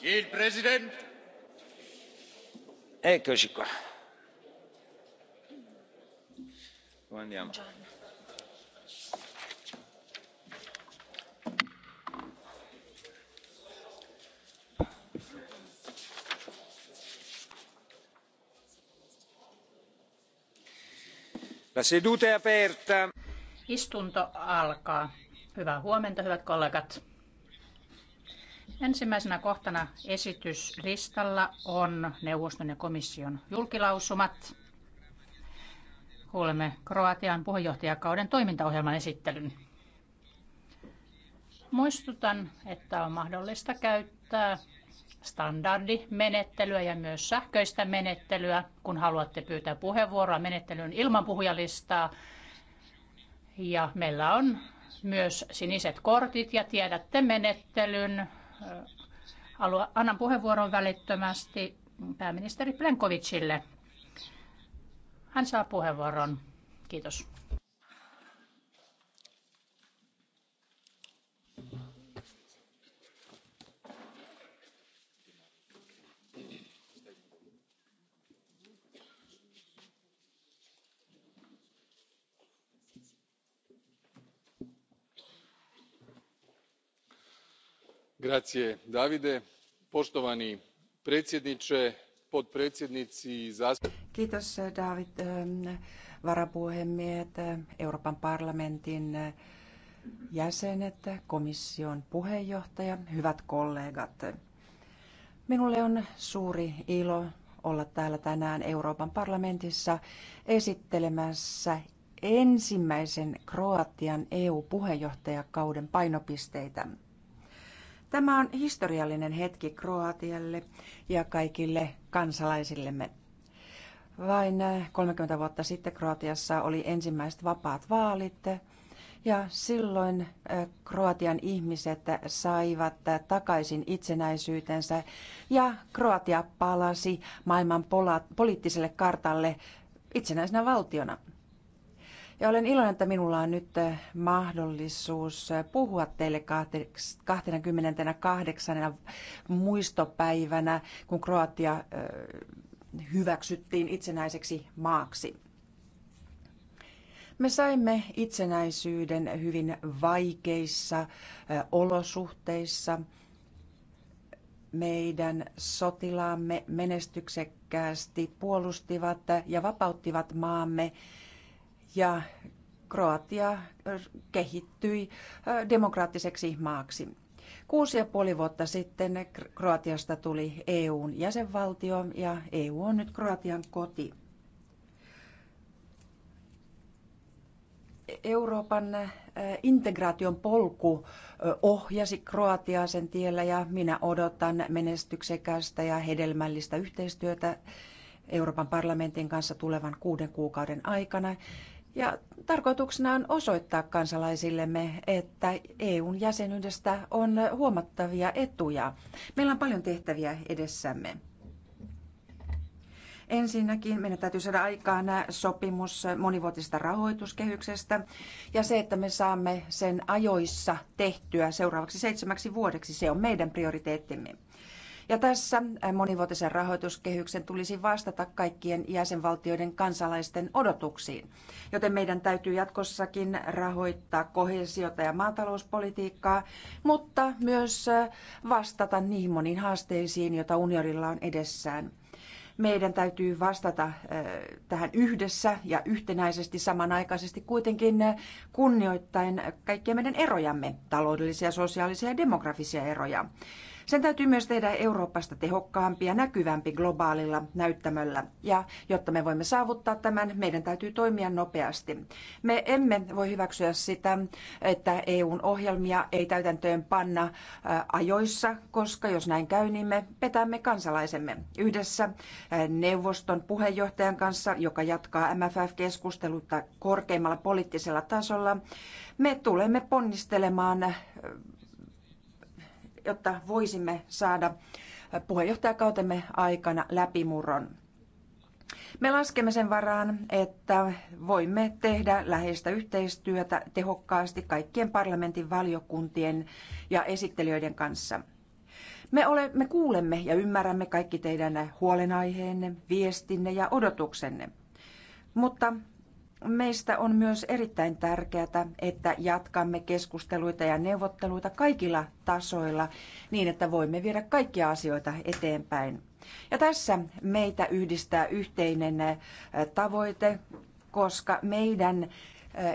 Il presidente. Eccoci qua. Come andiamo? La seduta è aperta. Istunto alkaa. Hyvää huomenta, hyvät kollegat. Ensimmäisenä kohtana esityslistalla on neuvoston ja komission julkilausumat. Kuulemme Kroatian puheenjohtajakauden toimintaohjelman esittelyn. Muistutan, että on mahdollista käyttää standardimenettelyä ja myös sähköistä menettelyä, kun haluatte pyytää puheenvuoroa menettelyyn ilman puhujalistaa. Ja meillä on myös siniset kortit ja tiedätte menettelyn annan puheenvuoron välittömästi pääministeri Plenkovicille. Hän saa puheenvuoron. Kiitos. gospodine davide poštovani predsjedniče potpredsjednici i ähm, varapuhemiehet euroopan parlamentin jäsenet komission puheenjohtaja hyvät kollegat minulle on suuri ilo olla täällä tänään euroopan parlamentissa esittelemässä ensimmäisen kroatian eu puheenjohtajakauden painopisteitä. Tämä on historiallinen hetki Kroatialle ja kaikille kansalaisillemme. Vain 30 äh, vuotta sitten Kroatiassa oli ensimmäiset vapaat vaalit ja silloin äh, Kroatian ihmiset saivat äh, takaisin itsenäisyytensä ja Kroatia palasi maailman poliittiselle kartalle itsenäisenä valtiona. Ja olen iloinen, että minulla on nyt eh, mahdollisuus eh, puhua teille 28. muistopäivänä, kun Kroatia eh, hyväksyttiin itsenäiseksi maaksi. Me saimme itsenäisyyden hyvin vaikeissa olosuhteissa. Meidän sotilaamme menestyksekkäästi puolustivat ja vapauttivat maamme ja Kroatia äh, kehittyi äh, demokraattiseksi maaksi. Kuusi ja puoli vuotta sitten Kroatiasta tuli EUn jäsenvaltio ja EU on nyt Kroatian koti. Euroopan äh, integraation polku ohjasi Kroatiaa sen tiellä ja minä odotan menestyksekästä ja hedelmällistä yhteistyötä Euroopan parlamentin kanssa tulevan kuuden kuukauden aikana ja tarkoituksena on osoittaa kansalaisillemme, että EUn jäsenyydestä on huomattavia etuja. Meillä on paljon tehtäviä edessämme. Ensinnäkin meidän täytyy saada aikaan sopimus monivuotisesta rahoituskehyksestä ja se, että me saamme sen ajoissa tehtyä seuraavaksi seitsemäksi vuodeksi, se on meidän prioriteettimme. Ja tässä äh, monivuotisen rahoituskehyksen tulisi vastata kaikkien jäsenvaltioiden kansalaisten odotuksiin, joten meidän täytyy jatkossakin rahoittaa kohesiota ja maatalouspolitiikkaa, mutta myös äh, vastata niihin moniin haasteisiin, joita unionilla on edessään meidän täytyy vastata äh, tähän yhdessä ja yhtenäisesti samanaikaisesti kuitenkin kunnioittain kaikkia meidän erojamme, taloudellisia, sosiaalisia ja demografisia eroja. Sen täytyy myös tehdä Euroopasta tehokkaampi ja näkyvämpi globaalilla näyttämöllä. Ja jotta me voimme saavuttaa tämän, meidän täytyy toimia nopeasti. Me emme voi hyväksyä sitä, että EUn ohjelmia ei täytäntöön panna ajoissa, koska jos näin käy, niin me petämme kansalaisemme yhdessä neuvoston puheenjohtajan kanssa, joka jatkaa MFF-keskustelutta korkeimmalla poliittisella tasolla. Me tulemme ponnistelemaan jotta voisimme saada puheenjohtajakautemme aikana läpimurron. Me laskemme sen varaan, että voimme tehdä läheistä yhteistyötä tehokkaasti kaikkien parlamentin valiokuntien ja esittelijöiden kanssa. Me, ole, me kuulemme ja ymmärrämme kaikki teidän huolenaiheenne, viestinne ja odotuksenne. Mutta Meistä on myös erittäin tärkeää, että jatkamme keskusteluita ja neuvotteluita kaikilla tasoilla niin, että voimme viedä kaikkia asioita eteenpäin. Ja tässä meitä yhdistää yhteinen tavoite, koska meidän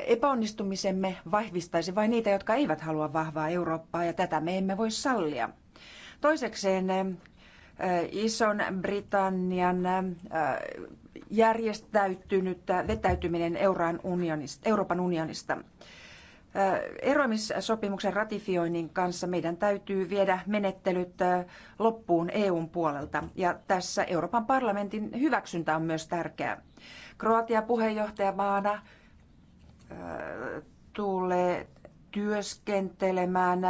epäonnistumisemme vahvistaisi vain niitä, jotka eivät halua vahvaa Eurooppaa, ja tätä me emme voi sallia. Toisekseen Ison Britannian järjestäytynyt vetäytyminen Euroopan unionista. Eroamissopimuksen ratifioinnin kanssa meidän täytyy viedä menettelyt loppuun EUn puolelta ja tässä Euroopan parlamentin hyväksyntä on myös tärkeää. Kroatia puheenjohtajamaana tulee työskentelemään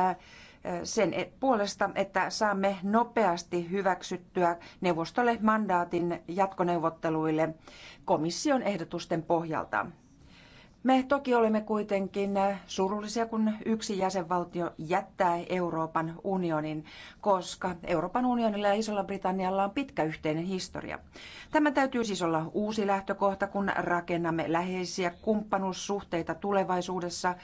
sen e, puolesta, että saamme nopeasti hyväksyttyä neuvostolle mandaatin jatkoneuvotteluille komission ehdotusten pohjalta. Me toki olemme kuitenkin surullisia, kun yksi jäsenvaltio jättää Euroopan unionin, koska Euroopan unionilla ja Isolla Britannialla on pitkä yhteinen historia. Tämä täytyy siis olla uusi lähtökohta, kun rakennamme läheisiä kumppanuussuhteita tulevaisuudessa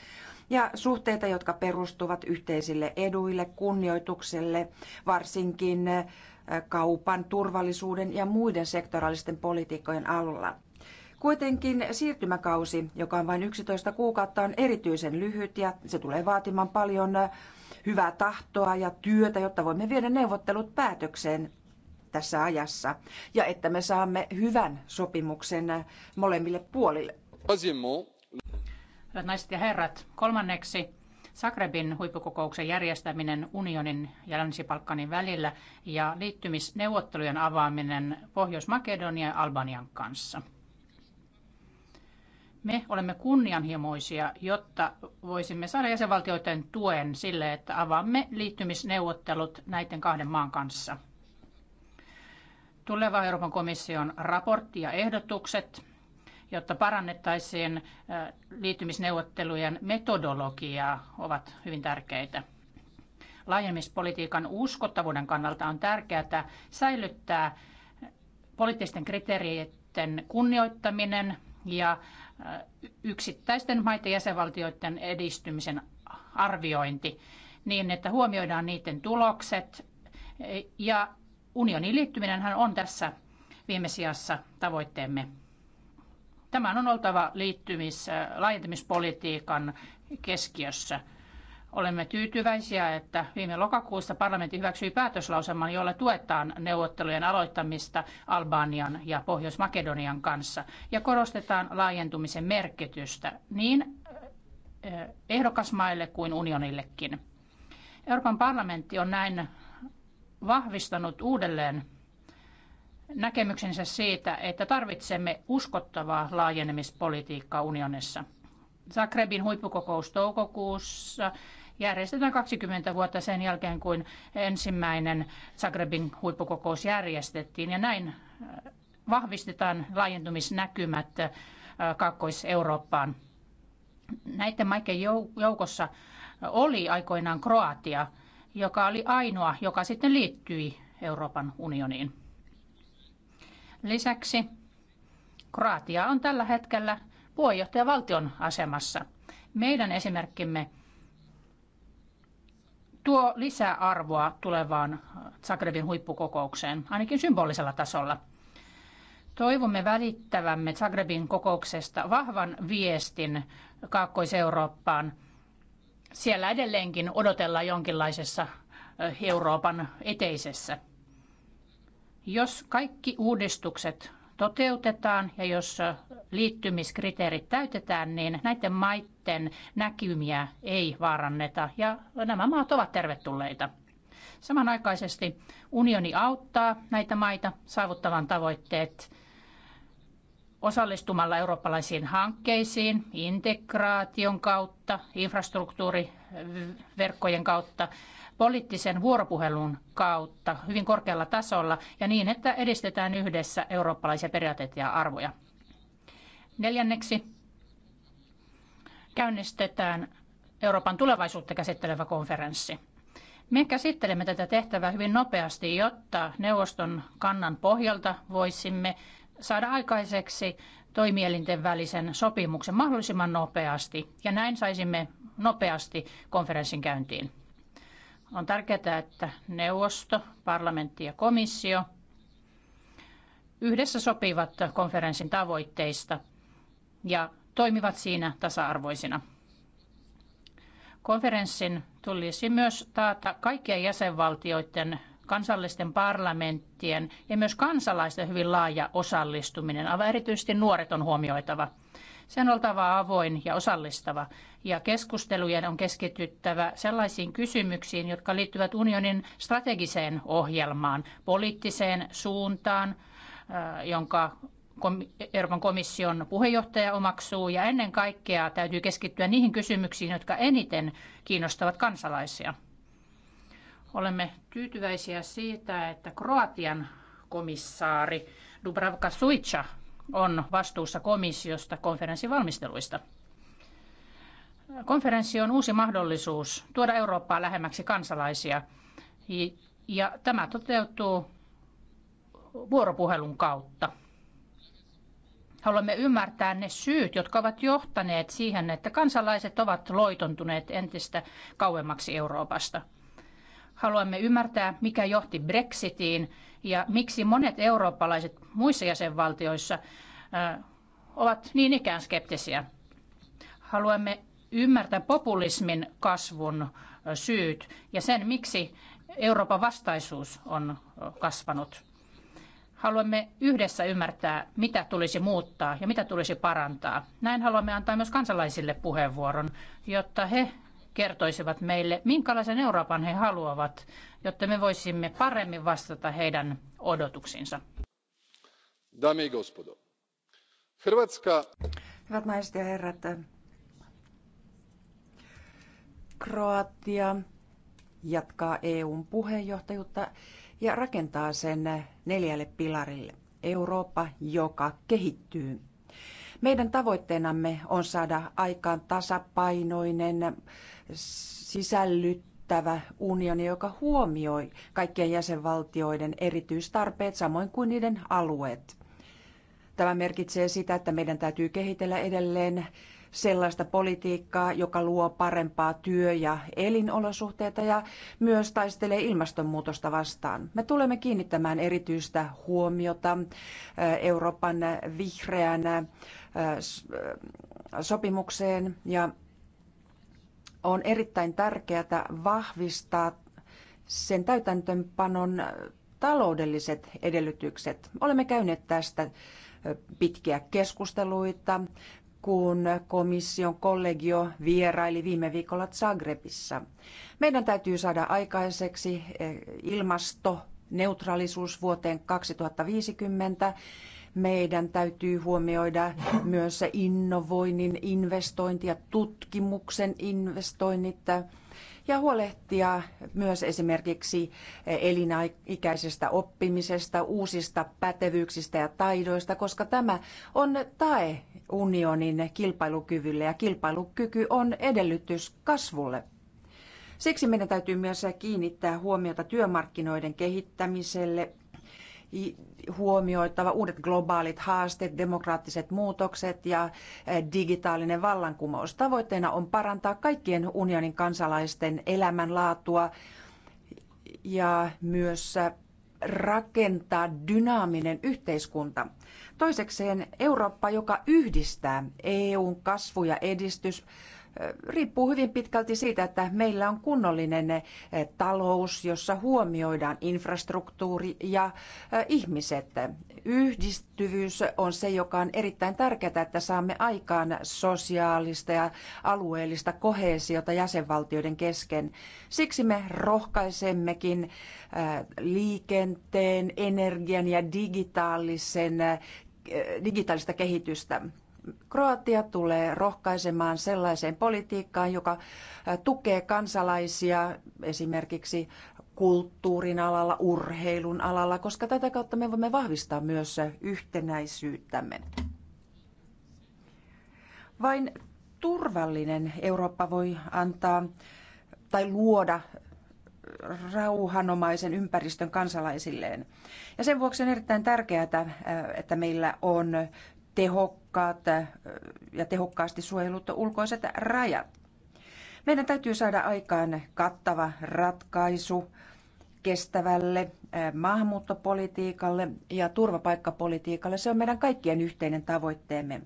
ja suhteita, jotka perustuvat yhteisille eduille, kunnioitukselle, varsinkin äh, kaupan, turvallisuuden ja muiden sektoraalisten politiikkojen alulla. Kuitenkin siirtymäkausi, joka on vain 11 kuukautta, on erityisen lyhyt ja se tulee vaatimaan paljon äh, hyvää tahtoa ja työtä, jotta voimme viedä neuvottelut päätökseen tässä ajassa ja että me saamme hyvän sopimuksen äh, molemmille puolille. Troisièmement, Hyvät naiset ja herrat, kolmanneksi Sakrebin huippukokouksen järjestäminen unionin ja Länsi-Balkanin välillä ja liittymisneuvottelujen avaaminen Pohjois-Makedonian ja Albanian kanssa. Me olemme kunnianhimoisia, jotta voisimme saada jäsenvaltioiden tuen sille, että avaamme liittymisneuvottelut näiden kahden maan kanssa. Tuleva Euroopan komission raportti ja ehdotukset jotta parannettaisiin liittymisneuvottelujen metodologiaa, ovat hyvin tärkeitä. Laajemmispolitiikan uskottavuuden kannalta on tärkeää säilyttää poliittisten kriteereiden kunnioittaminen ja yksittäisten maiden jäsenvaltioiden edistymisen arviointi niin, että huomioidaan niiden tulokset. Ja unionin liittyminen on tässä viime sijassa tavoitteemme. Tämän on oltava liittymis, äh, laajentumispolitiikan keskiössä. Olemme tyytyväisiä, että viime lokakuussa parlamentti hyväksyi päätöslauselman, jolla tuetaan neuvottelujen aloittamista Albanian ja Pohjois-Makedonian kanssa ja korostetaan laajentumisen merkitystä niin äh, ehdokasmaille kuin unionillekin. Euroopan parlamentti on näin vahvistanut uudelleen näkemyksensä siitä, että tarvitsemme uskottavaa laajenemispolitiikkaa unionissa. Zagrebin huippukokous toukokuussa järjestetään 20 vuotta sen jälkeen, kun ensimmäinen Zagrebin huippukokous järjestettiin. Ja näin äh, vahvistetaan laajentumisnäkymät äh, Kaakkois-Eurooppaan. Näiden maiden joukossa oli aikoinaan Kroatia, joka oli ainoa, joka sitten liittyi Euroopan unioniin. Lisäksi Kroatia on tällä hetkellä puheenjohtajavaltion asemassa. Meidän esimerkkimme tuo lisää arvoa tulevaan Zagrebin huippukokoukseen, ainakin symbolisella tasolla. Toivomme välittävämme Zagrebin kokouksesta vahvan viestin Kaakkois-Eurooppaan. Siellä edelleenkin odotellaan jonkinlaisessa Euroopan eteisessä. Jos kaikki uudistukset toteutetaan ja jos liittymiskriteerit täytetään, niin näiden maiden näkymiä ei vaaranneta ja nämä maat ovat tervetulleita. Samanaikaisesti unioni auttaa näitä maita saavuttavan tavoitteet osallistumalla eurooppalaisiin hankkeisiin integraation kautta, infrastruktuuri- verkkojen kautta, poliittisen vuoropuhelun kautta hyvin korkealla tasolla ja niin, että edistetään yhdessä eurooppalaisia periaatteita ja arvoja. Neljänneksi käynnistetään Euroopan tulevaisuutta käsittelevä konferenssi. Me käsittelemme tätä tehtävää hyvin nopeasti, jotta neuvoston kannan pohjalta voisimme saada aikaiseksi toimielinten välisen sopimuksen mahdollisimman nopeasti. Ja näin saisimme nopeasti konferenssin käyntiin. On tärkeää, että neuvosto, parlamentti ja komissio yhdessä sopivat konferenssin tavoitteista ja toimivat siinä tasa-arvoisina. Konferenssin tulisi myös taata kaikkien jäsenvaltioiden kansallisten parlamenttien ja myös kansalaisten hyvin laaja osallistuminen. Aivan erityisesti nuoret on huomioitava. Sen on oltava avoin ja osallistava, ja keskustelujen on keskityttävä sellaisiin kysymyksiin, jotka liittyvät unionin strategiseen ohjelmaan, poliittiseen suuntaan, äh, jonka Euroopan komission puheenjohtaja omaksuu, ja ennen kaikkea täytyy keskittyä niihin kysymyksiin, jotka eniten kiinnostavat kansalaisia. Olemme tyytyväisiä siitä, että Kroatian komissaari Dubravka Suica on vastuussa komissiosta konferenssin valmisteluista. Konferenssi on uusi mahdollisuus tuoda Eurooppaa lähemmäksi kansalaisia ja tämä toteutuu vuoropuhelun kautta. Haluamme ymmärtää ne syyt, jotka ovat johtaneet siihen, että kansalaiset ovat loitontuneet entistä kauemmaksi Euroopasta. Haluamme ymmärtää, mikä johti Brexitiin ja miksi monet eurooppalaiset muissa jäsenvaltioissa ovat niin ikään skeptisiä. Haluamme ymmärtää populismin kasvun syyt ja sen, miksi Euroopan vastaisuus on kasvanut. Haluamme yhdessä ymmärtää, mitä tulisi muuttaa ja mitä tulisi parantaa. Näin haluamme antaa myös kansalaisille puheenvuoron, jotta he kertoisivat meille, minkälaisen Euroopan he haluavat, jotta me voisimme paremmin vastata heidän odotuksiinsa. Dame i gospodo, Hrvatska... Hyvät naiset ja herrat, Kroatia jatkaa EUn puheenjohtajuutta ja rakentaa sen neljälle pilarille. Eurooppa, joka kehittyy meidän tavoitteenamme on saada aikaan tasapainoinen, sisällyttävä unioni, joka huomioi kaikkien jäsenvaltioiden erityistarpeet samoin kuin niiden alueet. Tämä merkitsee sitä, että meidän täytyy kehitellä edelleen sellaista politiikkaa, joka luo parempaa työ- ja elinolosuhteita ja myös taistelee ilmastonmuutosta vastaan. Me tulemme kiinnittämään erityistä huomiota Euroopan vihreän sopimukseen ja on erittäin tärkeää vahvistaa sen täytäntöönpanon taloudelliset edellytykset. Olemme käyneet tästä pitkiä keskusteluita, kun komission kollegio vieraili viime viikolla Zagrebissa. Meidän täytyy saada aikaiseksi ilmasto neutraalisuus vuoteen 2050 meidän täytyy huomioida myös se innovoinnin investointi ja tutkimuksen investoinnit ja huolehtia myös esimerkiksi elinikäisestä oppimisesta, uusista pätevyyksistä ja taidoista, koska tämä on tae unionin kilpailukyvylle ja kilpailukyky on edellytys kasvulle. Siksi meidän täytyy myös kiinnittää huomiota työmarkkinoiden kehittämiselle huomioitava uudet globaalit haasteet, demokraattiset muutokset ja eh, digitaalinen vallankumous. Tavoitteena on parantaa kaikkien unionin kansalaisten elämänlaatua ja myös eh, rakentaa dynaaminen yhteiskunta. Toisekseen Eurooppa, joka yhdistää EUn kasvu ja edistys riippuu hyvin pitkälti siitä, että meillä on kunnollinen eh, talous, jossa huomioidaan infrastruktuuri ja eh, ihmiset. Yhdistyvyys on se, joka on erittäin tärkeää, että saamme aikaan sosiaalista ja alueellista kohesiota jäsenvaltioiden kesken. Siksi me rohkaisemmekin eh, liikenteen, energian ja digitaalisen digitaalista kehitystä. Kroatia tulee rohkaisemaan sellaiseen politiikkaan, joka tukee kansalaisia esimerkiksi kulttuurin alalla, urheilun alalla, koska tätä kautta me voimme vahvistaa myös yhtenäisyyttämme. Vain turvallinen Eurooppa voi antaa tai luoda rauhanomaisen ympäristön kansalaisilleen. Ja sen vuoksi on erittäin tärkeää, että meillä on tehokkaat ja tehokkaasti suojelut ulkoiset rajat. Meidän täytyy saada aikaan kattava ratkaisu kestävälle maahanmuuttopolitiikalle ja turvapaikkapolitiikalle. Se on meidän kaikkien yhteinen tavoitteemme.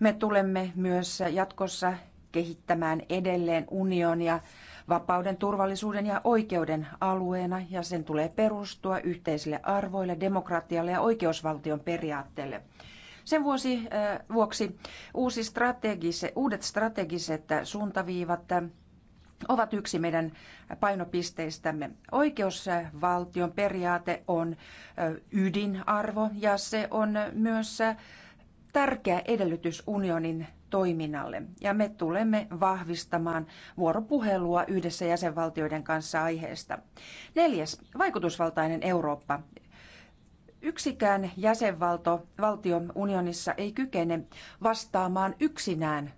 Me tulemme myös jatkossa kehittämään edelleen unionia vapauden, turvallisuuden ja oikeuden alueena ja sen tulee perustua yhteisille arvoille, demokratialle ja oikeusvaltion periaatteelle. Sen vuosi, vuoksi uusi strategise, uudet strategiset suuntaviivat ovat yksi meidän painopisteistämme. Oikeusvaltion periaate on ydinarvo ja se on myös tärkeä edellytys unionin toiminnalle ja me tulemme vahvistamaan vuoropuhelua yhdessä jäsenvaltioiden kanssa aiheesta. Neljäs, vaikutusvaltainen Eurooppa. Yksikään jäsenvaltio unionissa ei kykene vastaamaan yksinään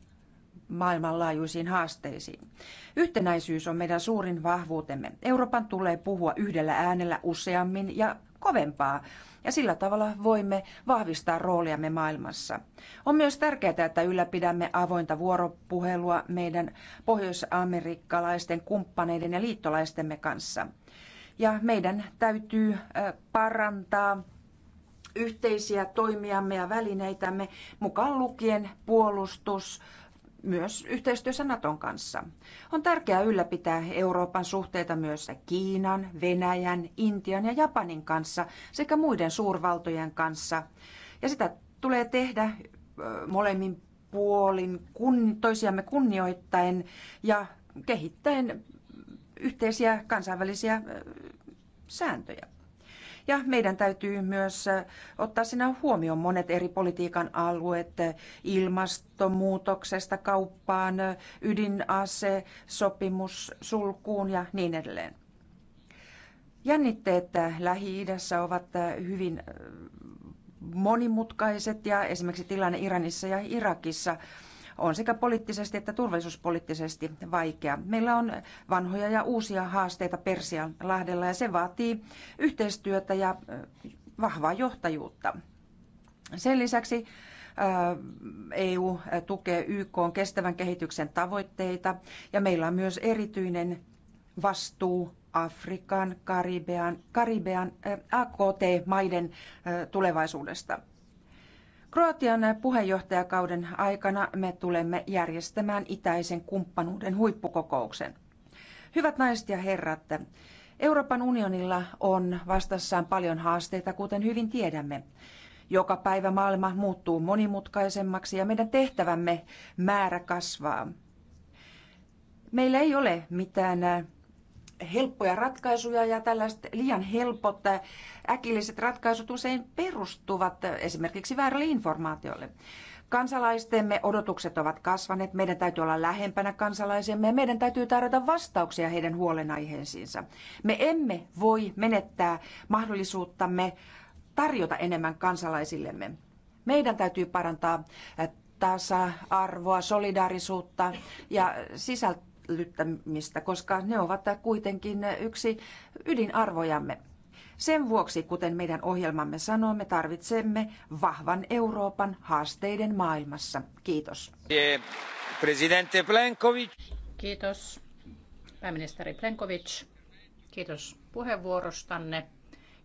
maailmanlaajuisiin haasteisiin. Yhtenäisyys on meidän suurin vahvuutemme. Euroopan tulee puhua yhdellä äänellä useammin ja kovempaa, ja sillä tavalla voimme vahvistaa rooliamme maailmassa. On myös tärkeää, että ylläpidämme avointa vuoropuhelua meidän pohjois-amerikkalaisten kumppaneiden ja liittolaistemme kanssa – ja meidän täytyy parantaa yhteisiä toimiamme ja välineitämme mukaan lukien puolustus myös yhteistyössä Naton kanssa. On tärkeää ylläpitää Euroopan suhteita myös Kiinan, Venäjän, Intian ja Japanin kanssa sekä muiden suurvaltojen kanssa. Ja sitä tulee tehdä molemmin puolin kun, toisiamme kunnioittaen ja kehittäen yhteisiä kansainvälisiä sääntöjä. Ja meidän täytyy myös ottaa sinä huomioon monet eri politiikan alueet ilmastonmuutoksesta kauppaan, ydinase, sopimus, sulkuun ja niin edelleen. Jännitteet Lähi-idässä ovat hyvin monimutkaiset ja esimerkiksi tilanne Iranissa ja Irakissa – on sekä poliittisesti että turvallisuuspoliittisesti vaikea. Meillä on vanhoja ja uusia haasteita Persian lahdella ja se vaatii yhteistyötä ja vahvaa johtajuutta. Sen lisäksi EU tukee YK kestävän kehityksen tavoitteita ja meillä on myös erityinen vastuu Afrikan, Karibean, Karibean AKT-maiden tulevaisuudesta. Kroatian puheenjohtajakauden aikana me tulemme järjestämään itäisen kumppanuuden huippukokouksen. Hyvät naiset ja herrat, Euroopan unionilla on vastassaan paljon haasteita, kuten hyvin tiedämme. Joka päivä maailma muuttuu monimutkaisemmaksi ja meidän tehtävämme määrä kasvaa. Meillä ei ole mitään helppoja ratkaisuja ja tällaiset liian helpot äh, äkilliset ratkaisut usein perustuvat äh, esimerkiksi väärälle informaatiolle. Kansalaistemme odotukset ovat kasvaneet, meidän täytyy olla lähempänä kansalaisemme. ja meidän täytyy tarjota vastauksia heidän huolenaiheisiinsa. Me emme voi menettää mahdollisuuttamme tarjota enemmän kansalaisillemme. Meidän täytyy parantaa äh, tasa-arvoa, solidaarisuutta ja sisältöä Lyttämistä, koska ne ovat kuitenkin yksi ydinarvojamme. Sen vuoksi, kuten meidän ohjelmamme sanoo, me tarvitsemme vahvan Euroopan haasteiden maailmassa. Kiitos. Presidente Plenkovic. Kiitos. Pääministeri Plenkovic, kiitos puheenvuorostanne.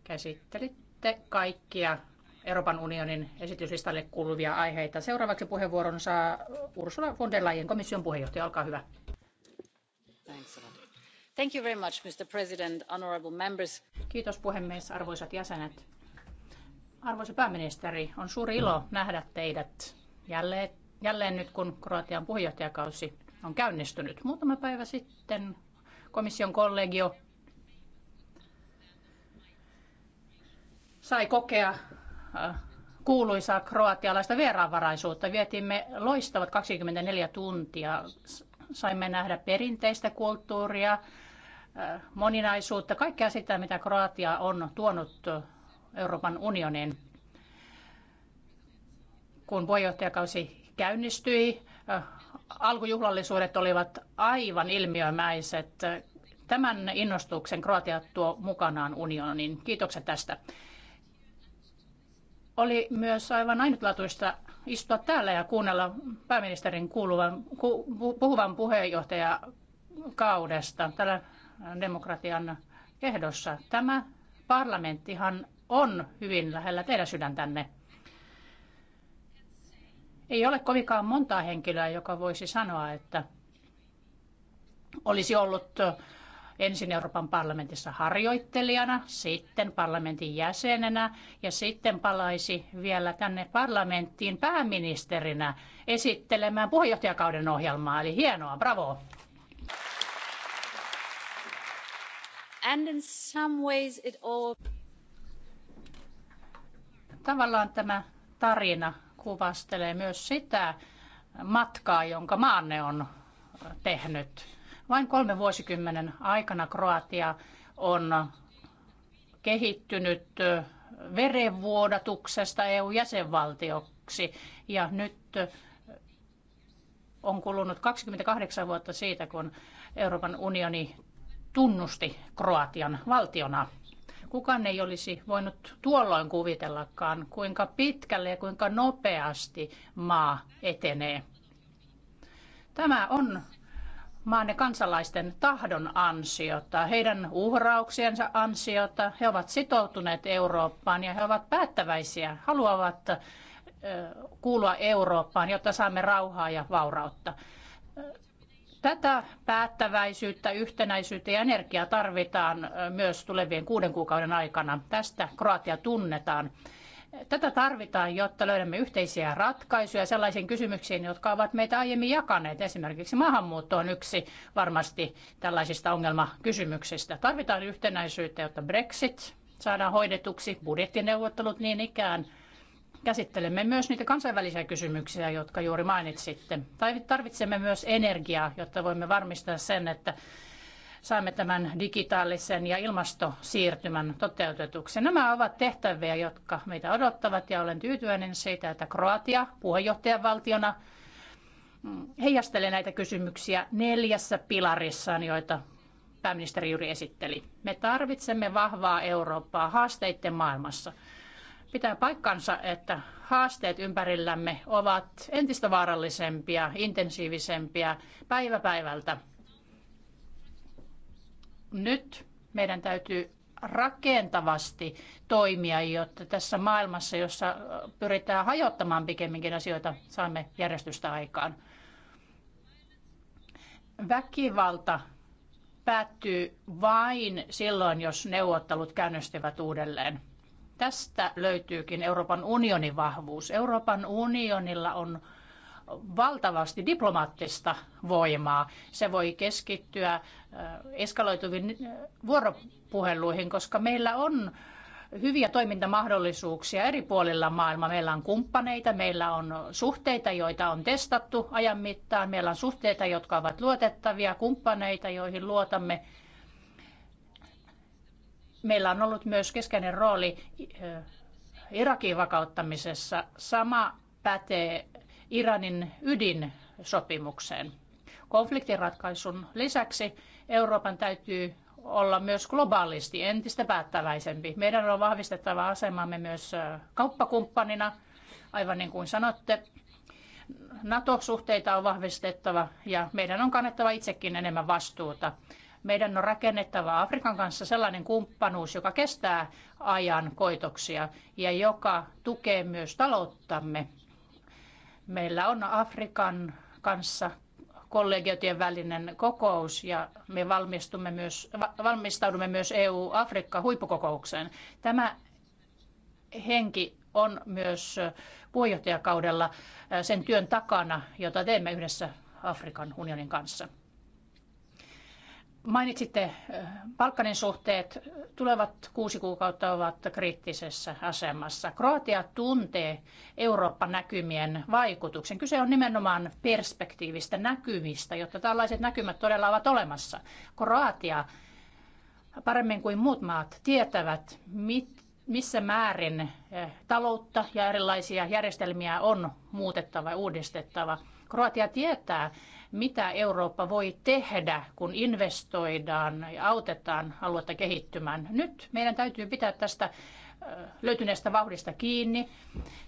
Käsittelitte kaikkia Euroopan unionin esityslistalle kuuluvia aiheita. Seuraavaksi puheenvuoron saa Ursula von der Leyen, komission puheenjohtaja. Olkaa hyvä mr president honourable members kiitos puhemies arvoisat jäsenet arvoisa pääministeri on suuri ilo nähdä teidät jälleen, nyt kun kroatian puheenjohtajakausi on käynnistynyt. muutama päivä sitten komission kollegio sai kokea äh, kuuluisaa kroatialaista vieraanvaraisuutta. Vietimme loistavat 24 tuntia Saimme nähdä perinteistä kulttuuria, moninaisuutta, kaikkea sitä, mitä Kroatia on tuonut Euroopan unionin. Kun puheenjohtajakausi käynnistyi, alkujuhlallisuudet olivat aivan ilmiömäiset. Tämän innostuksen Kroatia tuo mukanaan unionin. Kiitokset tästä. Oli myös aivan ainutlaatuista istua täällä ja kuunnella pääministerin kuuluvan, puhuvan puheenjohtajakaudesta tällä demokratian ehdossa. Tämä parlamenttihan on hyvin lähellä teidän sydäntänne. Ei ole kovinkaan montaa henkilöä, joka voisi sanoa, että olisi ollut ensin Euroopan parlamentissa harjoittelijana, sitten parlamentin jäsenenä ja sitten palaisi vielä tänne parlamenttiin pääministerinä esittelemään puheenjohtajakauden ohjelmaa. Eli hienoa, bravo! And in some ways it all... Tavallaan tämä tarina kuvastelee myös sitä matkaa, jonka maanne on tehnyt vain kolme vuosikymmenen aikana Kroatia on kehittynyt verenvuodatuksesta EU-jäsenvaltioksi ja nyt on kulunut 28 vuotta siitä, kun Euroopan unioni tunnusti Kroatian valtiona. Kukaan ei olisi voinut tuolloin kuvitellakaan, kuinka pitkälle ja kuinka nopeasti maa etenee. Tämä on maanne kansalaisten tahdon ansiota, heidän uhrauksiensa ansiota. He ovat sitoutuneet Eurooppaan ja he ovat päättäväisiä, haluavat kuulua Eurooppaan, jotta saamme rauhaa ja vaurautta. Tätä päättäväisyyttä, yhtenäisyyttä ja energiaa tarvitaan myös tulevien kuuden kuukauden aikana. Tästä Kroatia tunnetaan. Tätä tarvitaan, jotta löydämme yhteisiä ratkaisuja sellaisiin kysymyksiin, jotka ovat meitä aiemmin jakaneet. Esimerkiksi maahanmuutto on yksi varmasti tällaisista ongelmakysymyksistä. Tarvitaan yhtenäisyyttä, jotta Brexit saadaan hoidetuksi, budjettineuvottelut niin ikään. Käsittelemme myös niitä kansainvälisiä kysymyksiä, jotka juuri mainitsitte. Tarvitsemme myös energiaa, jotta voimme varmistaa sen, että saamme tämän digitaalisen ja ilmastosiirtymän toteutetuksi. Nämä ovat tehtäviä, jotka meitä odottavat ja olen tyytyväinen siitä, että Kroatia puheenjohtajavaltiona heijastelee näitä kysymyksiä neljässä pilarissaan, joita pääministeri juuri esitteli. Me tarvitsemme vahvaa Eurooppaa haasteiden maailmassa. Pitää paikkansa, että haasteet ympärillämme ovat entistä vaarallisempia, intensiivisempiä päivä päivältä. Nyt meidän täytyy rakentavasti toimia, jotta tässä maailmassa, jossa pyritään hajottamaan pikemminkin asioita, saamme järjestystä aikaan. Väkivalta päättyy vain silloin, jos neuvottelut käynnistyvät uudelleen. Tästä löytyykin Euroopan unionin vahvuus. Euroopan unionilla on valtavasti diplomaattista voimaa. Se voi keskittyä eskaloituviin vuoropuheluihin, koska meillä on hyviä toimintamahdollisuuksia eri puolilla maailmaa. Meillä on kumppaneita, meillä on suhteita, joita on testattu ajan mittaan, meillä on suhteita, jotka ovat luotettavia, kumppaneita, joihin luotamme. Meillä on ollut myös keskeinen rooli Irakin vakauttamisessa. Sama pätee Iranin ydinsopimukseen. Konfliktinratkaisun lisäksi Euroopan täytyy olla myös globaalisti entistä päättäväisempi. Meidän on vahvistettava asemamme myös kauppakumppanina, aivan niin kuin sanotte. NATO-suhteita on vahvistettava ja meidän on kannettava itsekin enemmän vastuuta. Meidän on rakennettava Afrikan kanssa sellainen kumppanuus, joka kestää ajan koitoksia ja joka tukee myös talouttamme. Meillä on Afrikan kanssa kollegiotien välinen kokous ja me valmistumme myös, valmistaudumme myös EU-Afrikka huippukokoukseen. Tämä henki on myös puheenjohtajakaudella sen työn takana, jota teemme yhdessä Afrikan unionin kanssa. Mainitsitte Balkanin äh, suhteet. Tulevat kuusi kuukautta ovat kriittisessä asemassa. Kroatia tuntee Euroopan näkymien vaikutuksen. Kyse on nimenomaan perspektiivistä näkymistä, jotta tällaiset näkymät todella ovat olemassa. Kroatia paremmin kuin muut maat tietävät, mit, missä määrin äh, taloutta ja erilaisia järjestelmiä on muutettava ja uudistettava. Kroatia tietää, mitä Eurooppa voi tehdä, kun investoidaan ja autetaan aluetta kehittymään. Nyt meidän täytyy pitää tästä löytyneestä vauhdista kiinni.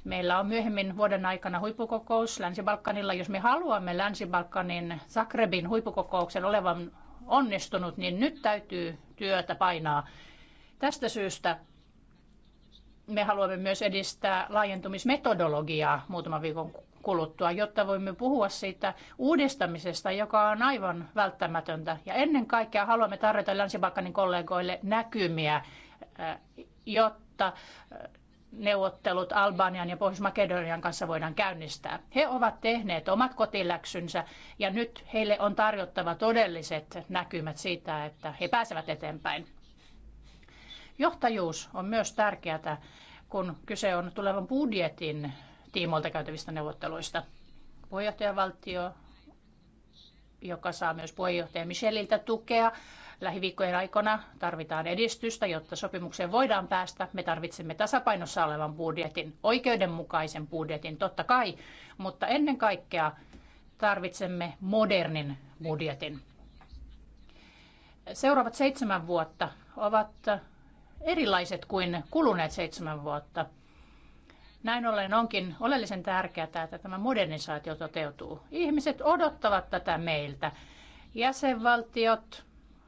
Meillä on myöhemmin vuoden aikana huippukokous Länsi-Balkanilla. Jos me haluamme Länsi-Balkanin Zagrebin huippukokouksen olevan onnistunut, niin nyt täytyy työtä painaa. Tästä syystä me haluamme myös edistää laajentumismetodologiaa muutaman viikon kuluttua, jotta voimme puhua siitä uudistamisesta, joka on aivan välttämätöntä. Ja ennen kaikkea haluamme tarjota länsi kollegoille näkymiä, eh, jotta eh, neuvottelut Albanian ja Pohjois-Makedonian kanssa voidaan käynnistää. He ovat tehneet omat kotiläksynsä ja nyt heille on tarjottava todelliset näkymät siitä, että he pääsevät eteenpäin. Johtajuus on myös tärkeää, kun kyse on tulevan budjetin tiimoilta käytävistä neuvotteluista. Puheenjohtajavaltio, joka saa myös puheenjohtaja Micheliltä tukea, lähiviikkojen aikana tarvitaan edistystä, jotta sopimukseen voidaan päästä. Me tarvitsemme tasapainossa olevan budjetin, oikeudenmukaisen budjetin totta kai, mutta ennen kaikkea tarvitsemme modernin budjetin. Seuraavat seitsemän vuotta ovat erilaiset kuin kuluneet seitsemän vuotta – näin ollen onkin oleellisen tärkeää, että tämä modernisaatio toteutuu. Ihmiset odottavat tätä meiltä. Jäsenvaltiot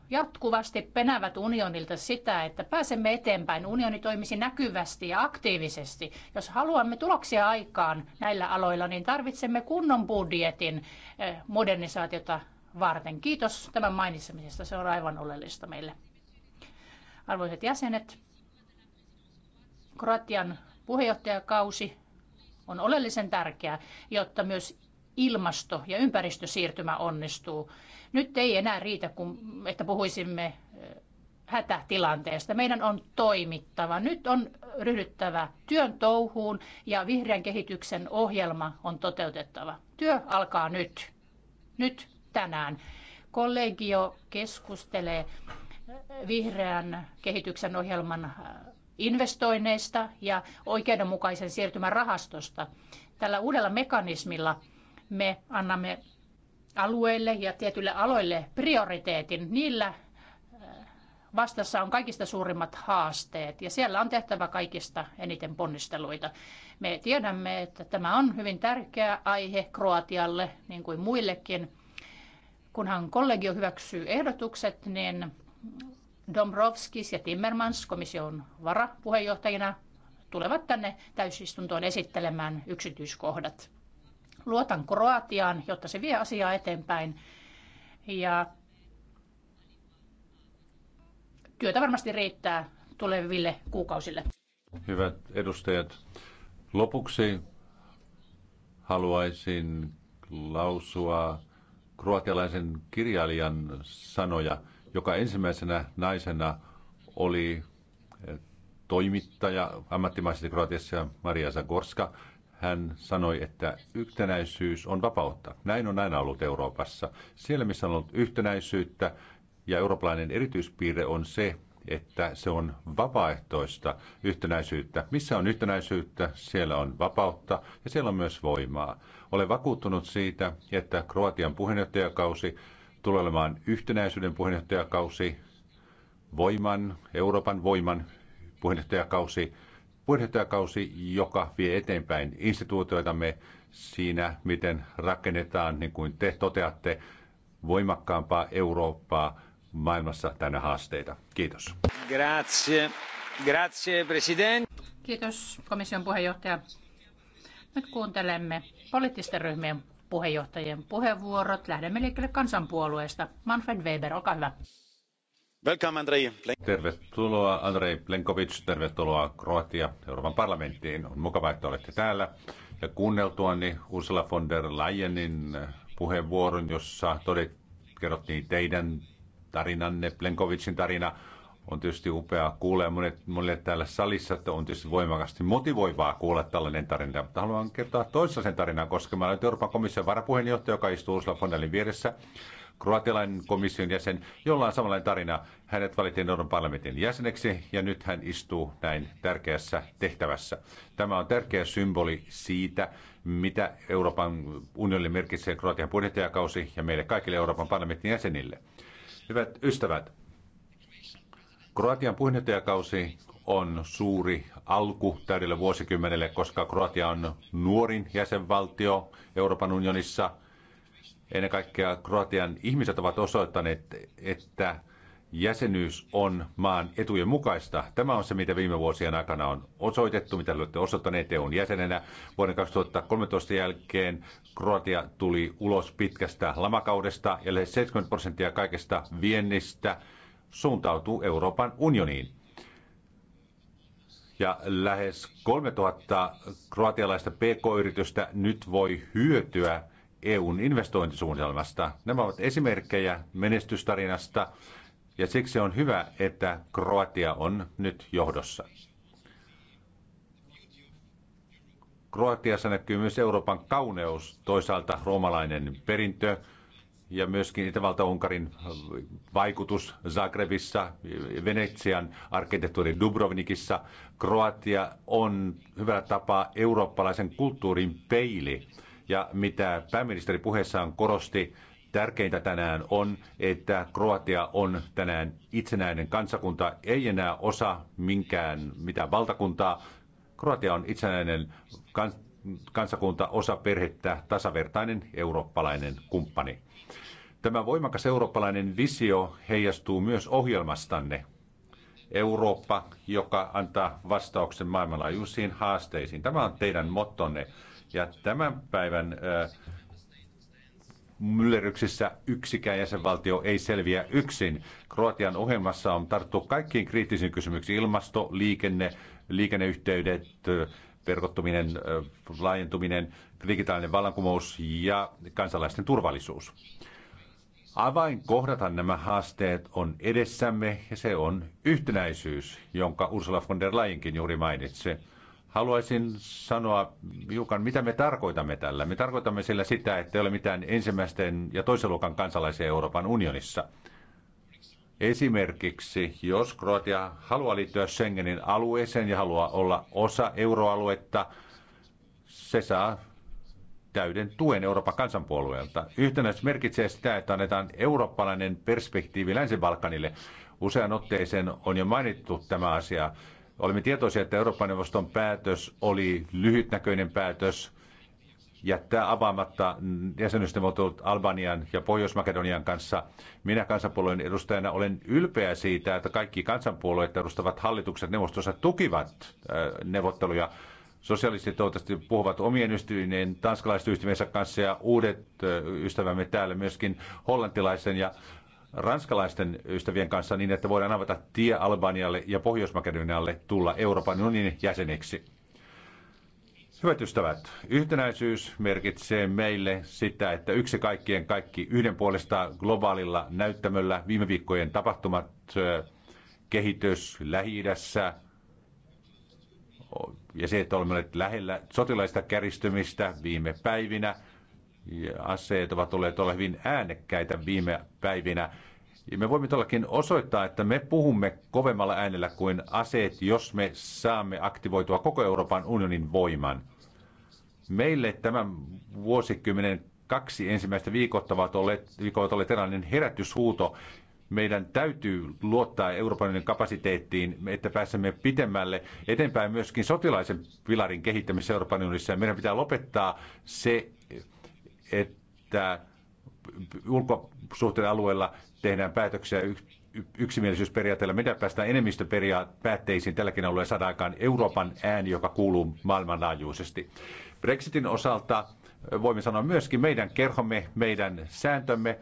jatkuvasti penävät unionilta sitä, että pääsemme eteenpäin. Unioni toimisi näkyvästi ja aktiivisesti. Jos haluamme tuloksia aikaan näillä aloilla, niin tarvitsemme kunnon budjetin eh, modernisaatiota varten. Kiitos tämän mainitsemisesta. Se on aivan oleellista meille. Arvoisat jäsenet, Kroatian Puheenjohtajakausi on oleellisen tärkeä, jotta myös ilmasto- ja ympäristösiirtymä onnistuu. Nyt ei enää riitä, kun, että puhuisimme hätätilanteesta. Meidän on toimittava. Nyt on ryhdyttävä työn touhuun ja vihreän kehityksen ohjelma on toteutettava. Työ alkaa nyt. Nyt tänään. Kollegio keskustelee vihreän kehityksen ohjelman investoinneista ja oikeudenmukaisen siirtymän rahastosta. Tällä uudella mekanismilla me annamme alueille ja tietyille aloille prioriteetin. Niillä äh, vastassa on kaikista suurimmat haasteet ja siellä on tehtävä kaikista eniten ponnisteluita. Me tiedämme, että tämä on hyvin tärkeä aihe Kroatialle niin kuin muillekin. Kunhan kollegio hyväksyy ehdotukset, niin Dombrovskis ja Timmermans komission varapuheenjohtajina tulevat tänne täysistuntoon esittelemään yksityiskohdat. Luotan Kroatiaan, jotta se vie asiaa eteenpäin ja työtä varmasti riittää tuleville kuukausille. Hyvät edustajat, lopuksi haluaisin lausua kroatialaisen kirjailijan sanoja – joka ensimmäisenä naisena oli eh, toimittaja ammattimaisesti Kroatiassa Maria Zagorska. Hän sanoi, että yhtenäisyys on vapautta. Näin on aina ollut Euroopassa. Siellä, missä on ollut yhtenäisyyttä, ja eurooppalainen erityispiirre on se, että se on vapaaehtoista yhtenäisyyttä. Missä on yhtenäisyyttä, siellä on vapautta ja siellä on myös voimaa. Olen vakuuttunut siitä, että Kroatian puheenjohtajakausi tulee olemaan yhtenäisyyden puheenjohtajakausi, voiman, Euroopan voiman puheenjohtajakausi, puheenjohtajakausi, joka vie eteenpäin instituutioitamme siinä, miten rakennetaan, niin kuin te toteatte, voimakkaampaa Eurooppaa maailmassa tänä haasteita. Kiitos. Grazie. Grazie, president. Kiitos komission puheenjohtaja. Nyt kuuntelemme poliittisten ryhmien puheenjohtajien puheenvuorot. Lähdemme liikkeelle kansanpuolueesta. Manfred Weber, olkaa hyvä. Welcome, Andrei. Tervetuloa Andrei Plenkovic, tervetuloa Kroatia Euroopan parlamenttiin. On mukavaa, että olette täällä. Ja kuunneltuani Ursula von der Leyenin puheenvuoron, jossa todettiin, kerrottiin teidän tarinanne, Plenkovicin tarina, on tietysti upeaa kuulla monet, monille täällä salissa, että on tietysti voimakasti motivoivaa kuulla tällainen tarina. Mutta haluan kertoa toisenlaisen tarinan, koska mä olen Euroopan komission varapuheenjohtaja, joka istuu Ursula von der vieressä, kroatialainen komission jäsen, jolla on samanlainen tarina. Hänet valittiin Euroopan parlamentin jäseneksi ja nyt hän istuu näin tärkeässä tehtävässä. Tämä on tärkeä symboli siitä, mitä Euroopan unionille merkitsee Kroatian budjettijakausi ja meille kaikille Euroopan parlamentin jäsenille. Hyvät ystävät, Kroatian puheenjohtajakausi on suuri alku täydelle vuosikymmenelle, koska Kroatia on nuorin jäsenvaltio Euroopan unionissa. Ennen kaikkea Kroatian ihmiset ovat osoittaneet, että jäsenyys on maan etujen mukaista. Tämä on se, mitä viime vuosien aikana on osoitettu, mitä olette osoittaneet EUn jäsenenä. Vuoden 2013 jälkeen Kroatia tuli ulos pitkästä lamakaudesta ja lähes 70 prosenttia kaikesta viennistä – suuntautuu Euroopan unioniin. Ja lähes 3000 kroatialaista pk-yritystä nyt voi hyötyä EUn investointisuunnitelmasta. Nämä ovat esimerkkejä menestystarinasta ja siksi on hyvä, että Kroatia on nyt johdossa. Kroatiassa näkyy myös Euroopan kauneus, toisaalta roomalainen perintö, ja myöskin Itävalta-Unkarin vaikutus Zagrebissa, Venetsian arkkitehtuuri Dubrovnikissa. Kroatia on hyvä tapa eurooppalaisen kulttuurin peili. Ja mitä pääministeri puheessaan korosti, tärkeintä tänään on, että Kroatia on tänään itsenäinen kansakunta, ei enää osa minkään mitä valtakuntaa. Kroatia on itsenäinen kans- kansakunta, osa perhettä, tasavertainen eurooppalainen kumppani. Tämä voimakas eurooppalainen visio heijastuu myös ohjelmastanne. Eurooppa, joka antaa vastauksen maailmanlaajuisiin haasteisiin. Tämä on teidän mottonne. Ja tämän päivän äh, myllerryksissä yksikään jäsenvaltio ei selviä yksin. Kroatian ohjelmassa on tarttu kaikkiin kriittisiin kysymyksiin. Ilmasto, liikenne, liikenneyhteydet, äh, verkottuminen, äh, laajentuminen, digitaalinen vallankumous ja kansalaisten turvallisuus. Avain kohdata nämä haasteet on edessämme ja se on yhtenäisyys, jonka Ursula von der Leyenkin juuri mainitsi. Haluaisin sanoa hiukan, mitä me tarkoitamme tällä. Me tarkoitamme sillä sitä, että ei ole mitään ensimmäisten ja toisen luokan kansalaisia Euroopan unionissa. Esimerkiksi, jos Kroatia haluaa liittyä Schengenin alueeseen ja haluaa olla osa euroaluetta, se saa täyden tuen Euroopan kansanpuolueelta. Yhtenäisyys merkitsee sitä, että annetaan eurooppalainen perspektiivi Länsi-Balkanille. Usean otteeseen on jo mainittu tämä asia. Olemme tietoisia, että Euroopan neuvoston päätös oli lyhytnäköinen päätös jättää avaamatta jäsenyysneuvottelut Albanian ja Pohjois-Makedonian kanssa. Minä kansanpuolueen edustajana olen ylpeä siitä, että kaikki kansanpuolueet edustavat hallitukset neuvostossa tukivat äh, neuvotteluja Sosialistit toivottavasti puhuvat omien ystävien tanskalaisten ystäviensä kanssa ja uudet ystävämme täällä myöskin hollantilaisen ja ranskalaisten ystävien kanssa niin, että voidaan avata tie Albanialle ja Pohjois-Makedonialle tulla Euroopan unionin jäseneksi. Hyvät ystävät, yhtenäisyys merkitsee meille sitä, että yksi kaikkien kaikki yhden puolesta globaalilla näyttämöllä viime viikkojen tapahtumat, kehitys lähi ja se, että olemme olleet lähellä sotilaista käristymistä viime päivinä. Ja aseet ovat olleet olla hyvin äänekkäitä viime päivinä. Ja me voimme tuollakin osoittaa, että me puhumme kovemmalla äänellä kuin aseet, jos me saamme aktivoitua koko Euroopan unionin voiman. Meille tämän vuosikymmenen kaksi ensimmäistä viikotta ovat olleet, viikot olleet eräänlainen herätyshuuto, meidän täytyy luottaa Euroopan kapasiteettiin, että pääsemme pitemmälle eteenpäin myöskin sotilaisen pilarin kehittämisessä Euroopan unionissa. Meidän pitää lopettaa se, että ulkosuhteiden alueella tehdään päätöksiä yksimielisyysperiaatteella. Meidän päästään enemmistöperiaatteisiin tälläkin alueella saadaan aikaan Euroopan ääni, joka kuuluu maailmanlaajuisesti. Brexitin osalta voimme sanoa myöskin meidän kerhomme, meidän sääntömme,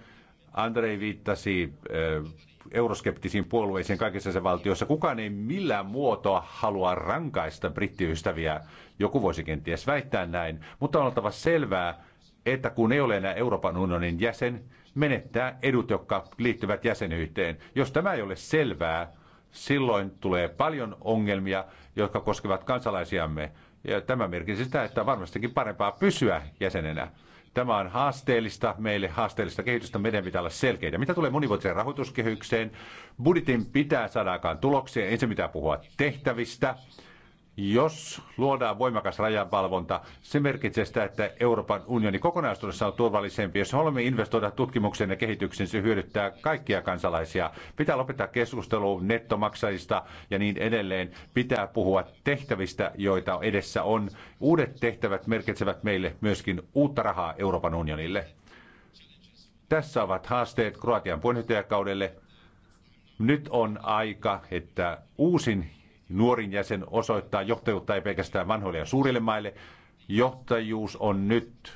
Andrei viittasi eh, euroskeptisiin puolueisiin kaikissa se valtioissa. Kukaan ei millään muotoa halua rankaista brittiystäviä. Joku voisi kenties väittää näin, mutta on oltava selvää, että kun ei ole enää Euroopan unionin jäsen, menettää edut, jotka liittyvät jäsenyyteen. Jos tämä ei ole selvää, silloin tulee paljon ongelmia, jotka koskevat kansalaisiamme. Ja tämä merkitsee sitä, että on varmastikin parempaa pysyä jäsenenä. Tämä on haasteellista meille, haasteellista kehitystä. Meidän pitää olla selkeitä. Mitä tulee monivuotiseen rahoituskehykseen? Budjetin pitää saada aikaan tuloksia. Ensin pitää puhua tehtävistä. Jos luodaan voimakas rajanvalvonta, se merkitsee sitä, että Euroopan unioni kokonaisuudessaan on turvallisempi. Jos haluamme investoida tutkimukseen ja kehitykseen, se hyödyttää kaikkia kansalaisia. Pitää lopettaa keskustelu nettomaksajista ja niin edelleen. Pitää puhua tehtävistä, joita edessä on. Uudet tehtävät merkitsevät meille myöskin uutta rahaa Euroopan unionille. Tässä ovat haasteet Kroatian puheenjohtajakaudelle. Nyt on aika, että uusin nuorin jäsen osoittaa johtajuutta ei pelkästään vanhoille ja suurille maille. Johtajuus on nyt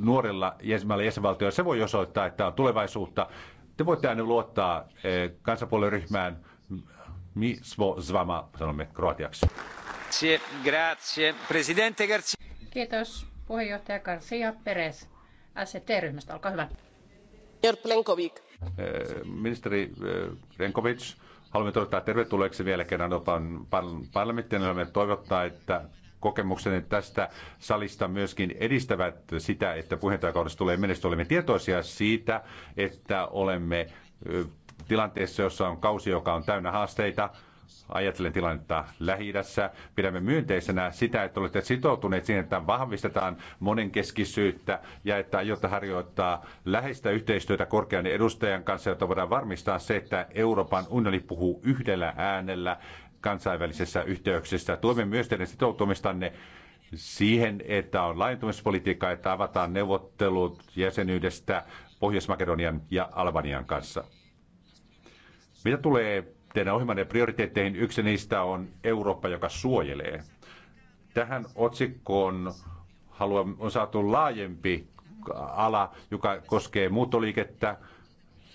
nuorella jäsenmaalla jäsenvaltioilla. Se voi osoittaa, että on tulevaisuutta. Te voitte aina luottaa eh, kansanpuolen ryhmään. Mi svo zvama, sanomme kroatiaksi. grazie. Presidente Garcia. Kiitos puheenjohtaja Garcia Perez. ST-ryhmästä, olkaa hyvä. Eh, ministeri Renkovic, eh, Haluamme toivottaa tervetulleeksi vielä kerran Euroopan parlamenttiin. Haluamme toivottaa, että kokemuksenne tästä salista myöskin edistävät sitä, että puheenjohtajakaudessa tulee menestystä. Olemme tietoisia siitä, että olemme tilanteessa, jossa on kausi, joka on täynnä haasteita, ajatellen tilannetta lähi Pidämme myönteisenä sitä, että olette sitoutuneet siihen, että vahvistetaan monenkeskisyyttä ja että aiotte harjoittaa läheistä yhteistyötä korkean edustajan kanssa, jotta voidaan varmistaa se, että Euroopan unioni puhuu yhdellä äänellä kansainvälisessä yhteyksessä. Tuemme myös teidän sitoutumistanne siihen, että on laajentumispolitiikkaa, että avataan neuvottelut jäsenyydestä Pohjois-Makedonian ja Albanian kanssa. Mitä tulee Teidän ohjelmanne prioriteetteihin yksi niistä on Eurooppa, joka suojelee. Tähän otsikkoon haluan, on saatu laajempi ala, joka koskee muuttoliikettä,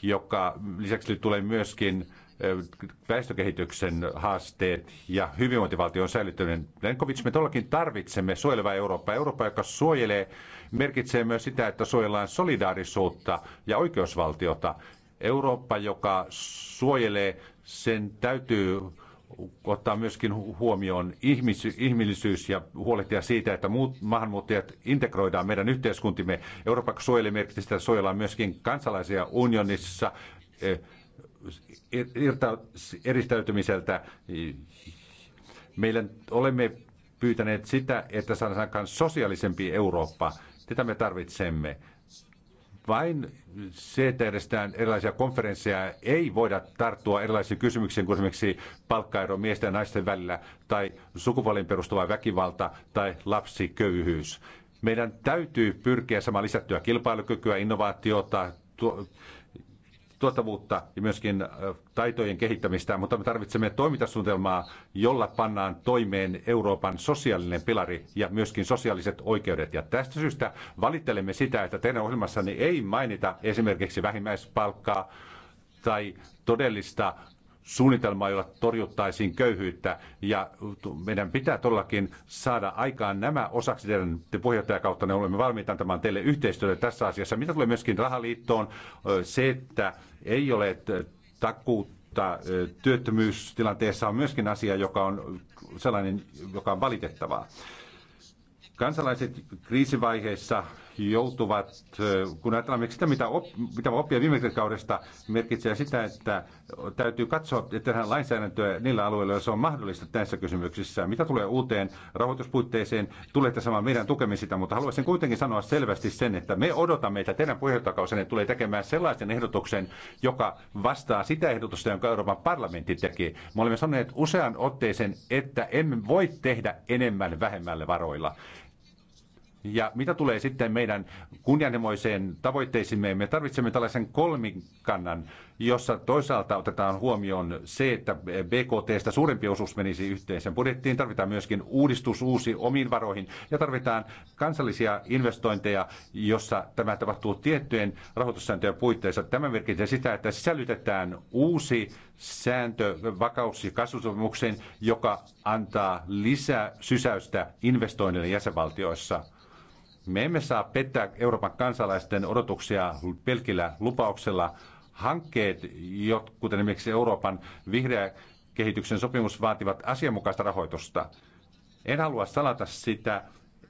joka lisäksi tulee myöskin väestökehityksen haasteet ja hyvinvointivaltion säilyttäminen. Lenkovits, me todellakin tarvitsemme suojelevaa Eurooppaa. Eurooppa, joka suojelee, merkitsee myös sitä, että suojellaan solidaarisuutta ja oikeusvaltiota. Eurooppa, joka suojelee, sen täytyy ottaa myöskin huomioon ihmis, ihmillisyys ja huolehtia siitä, että muut maahanmuuttajat integroidaan meidän yhteiskuntimme. Euroopan sitä suojellaan myöskin kansalaisia unionissa eh, eristäytymiseltä. Meillä olemme pyytäneet sitä, että saadaan sosiaalisempi Eurooppa. Tätä me tarvitsemme. Vain se, että järjestetään erilaisia konferensseja, ei voida tarttua erilaisiin kysymyksiin kuin esimerkiksi palkkaero miesten ja naisten välillä tai sukupuolen perustuva väkivalta tai lapsiköyhyys. Meidän täytyy pyrkiä saamaan lisättyä kilpailukykyä, innovaatiota, tuottavuutta ja myöskin äh, taitojen kehittämistä, mutta me tarvitsemme toimintasuunnitelmaa, jolla pannaan toimeen Euroopan sosiaalinen pilari ja myöskin sosiaaliset oikeudet. Ja tästä syystä valittelemme sitä, että teidän ohjelmassanne ei mainita esimerkiksi vähimmäispalkkaa tai todellista suunnitelmaa, jolla torjuttaisiin köyhyyttä. Ja meidän pitää todellakin saada aikaan nämä osaksi teidän puheenjohtajakautta. Ne olemme valmiita antamaan teille yhteistyötä tässä asiassa. Mitä tulee myöskin rahaliittoon, se, että ei ole takuutta mutta työttömyystilanteessa on myöskin asia, joka on sellainen, joka on valitettavaa. Kansalaiset kriisivaiheessa joutuvat, kun ajatellaan miksi sitä, mitä, op, mitä oppia viime kaudesta merkitsee sitä, että täytyy katsoa että lainsäädäntöä niillä alueilla, joissa on mahdollista näissä kysymyksissä. Mitä tulee uuteen rahoituspuitteeseen, tulette samaan meidän tukemme sitä, mutta haluaisin kuitenkin sanoa selvästi sen, että me odotamme, että teidän puheenjohtajakausenne tulee tekemään sellaisen ehdotuksen, joka vastaa sitä ehdotusta, jonka Euroopan parlamentti teki. Me olemme sanoneet usean otteeseen, että emme voi tehdä enemmän vähemmälle varoilla. Ja mitä tulee sitten meidän kunnianhimoiseen tavoitteisimme, me tarvitsemme tällaisen kolmikannan, jossa toisaalta otetaan huomioon se, että BKTstä suurempi osuus menisi yhteisen budjettiin, tarvitaan myöskin uudistus uusi omiin varoihin ja tarvitaan kansallisia investointeja, jossa tämä tapahtuu tiettyjen rahoitussääntöjen puitteissa. Tämä merkitsee sitä, että sisällytetään uusi sääntö vakaus- ja joka antaa lisää sysäystä investoinnille jäsenvaltioissa. Me emme saa pettää Euroopan kansalaisten odotuksia pelkillä lupauksella. Hankkeet, kuten esimerkiksi Euroopan vihreä kehityksen sopimus, vaativat asianmukaista rahoitusta. En halua salata sitä,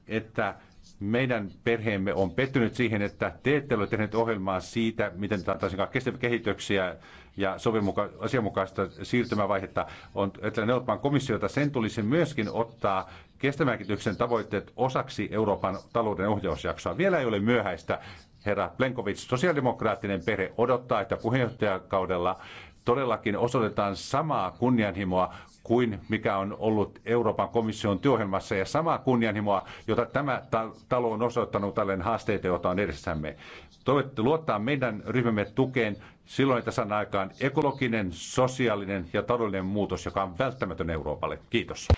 että meidän perheemme on pettynyt siihen, että te ette ole tehneet ohjelmaa siitä, miten saataisiin kestävä kehityksiä ja sovimuka- asianmukaista siirtymävaihetta. On, että Euroopan komissiota sen tulisi myöskin ottaa kestävän kehityksen tavoitteet osaksi Euroopan talouden ohjausjaksoa. Vielä ei ole myöhäistä. Herra Plenkovic, sosiaalidemokraattinen perhe odottaa, että puheenjohtajakaudella todellakin osoitetaan samaa kunnianhimoa kuin mikä on ollut Euroopan komission työohjelmassa ja samaa kunnianhimoa, jota tämä talo on osoittanut tälle haasteita, joita on edessämme. Toivottavasti luottaa meidän ryhmämme tukeen silloin, että saadaan aikaan ekologinen, sosiaalinen ja taloudellinen muutos, joka on välttämätön Euroopalle. Kiitos.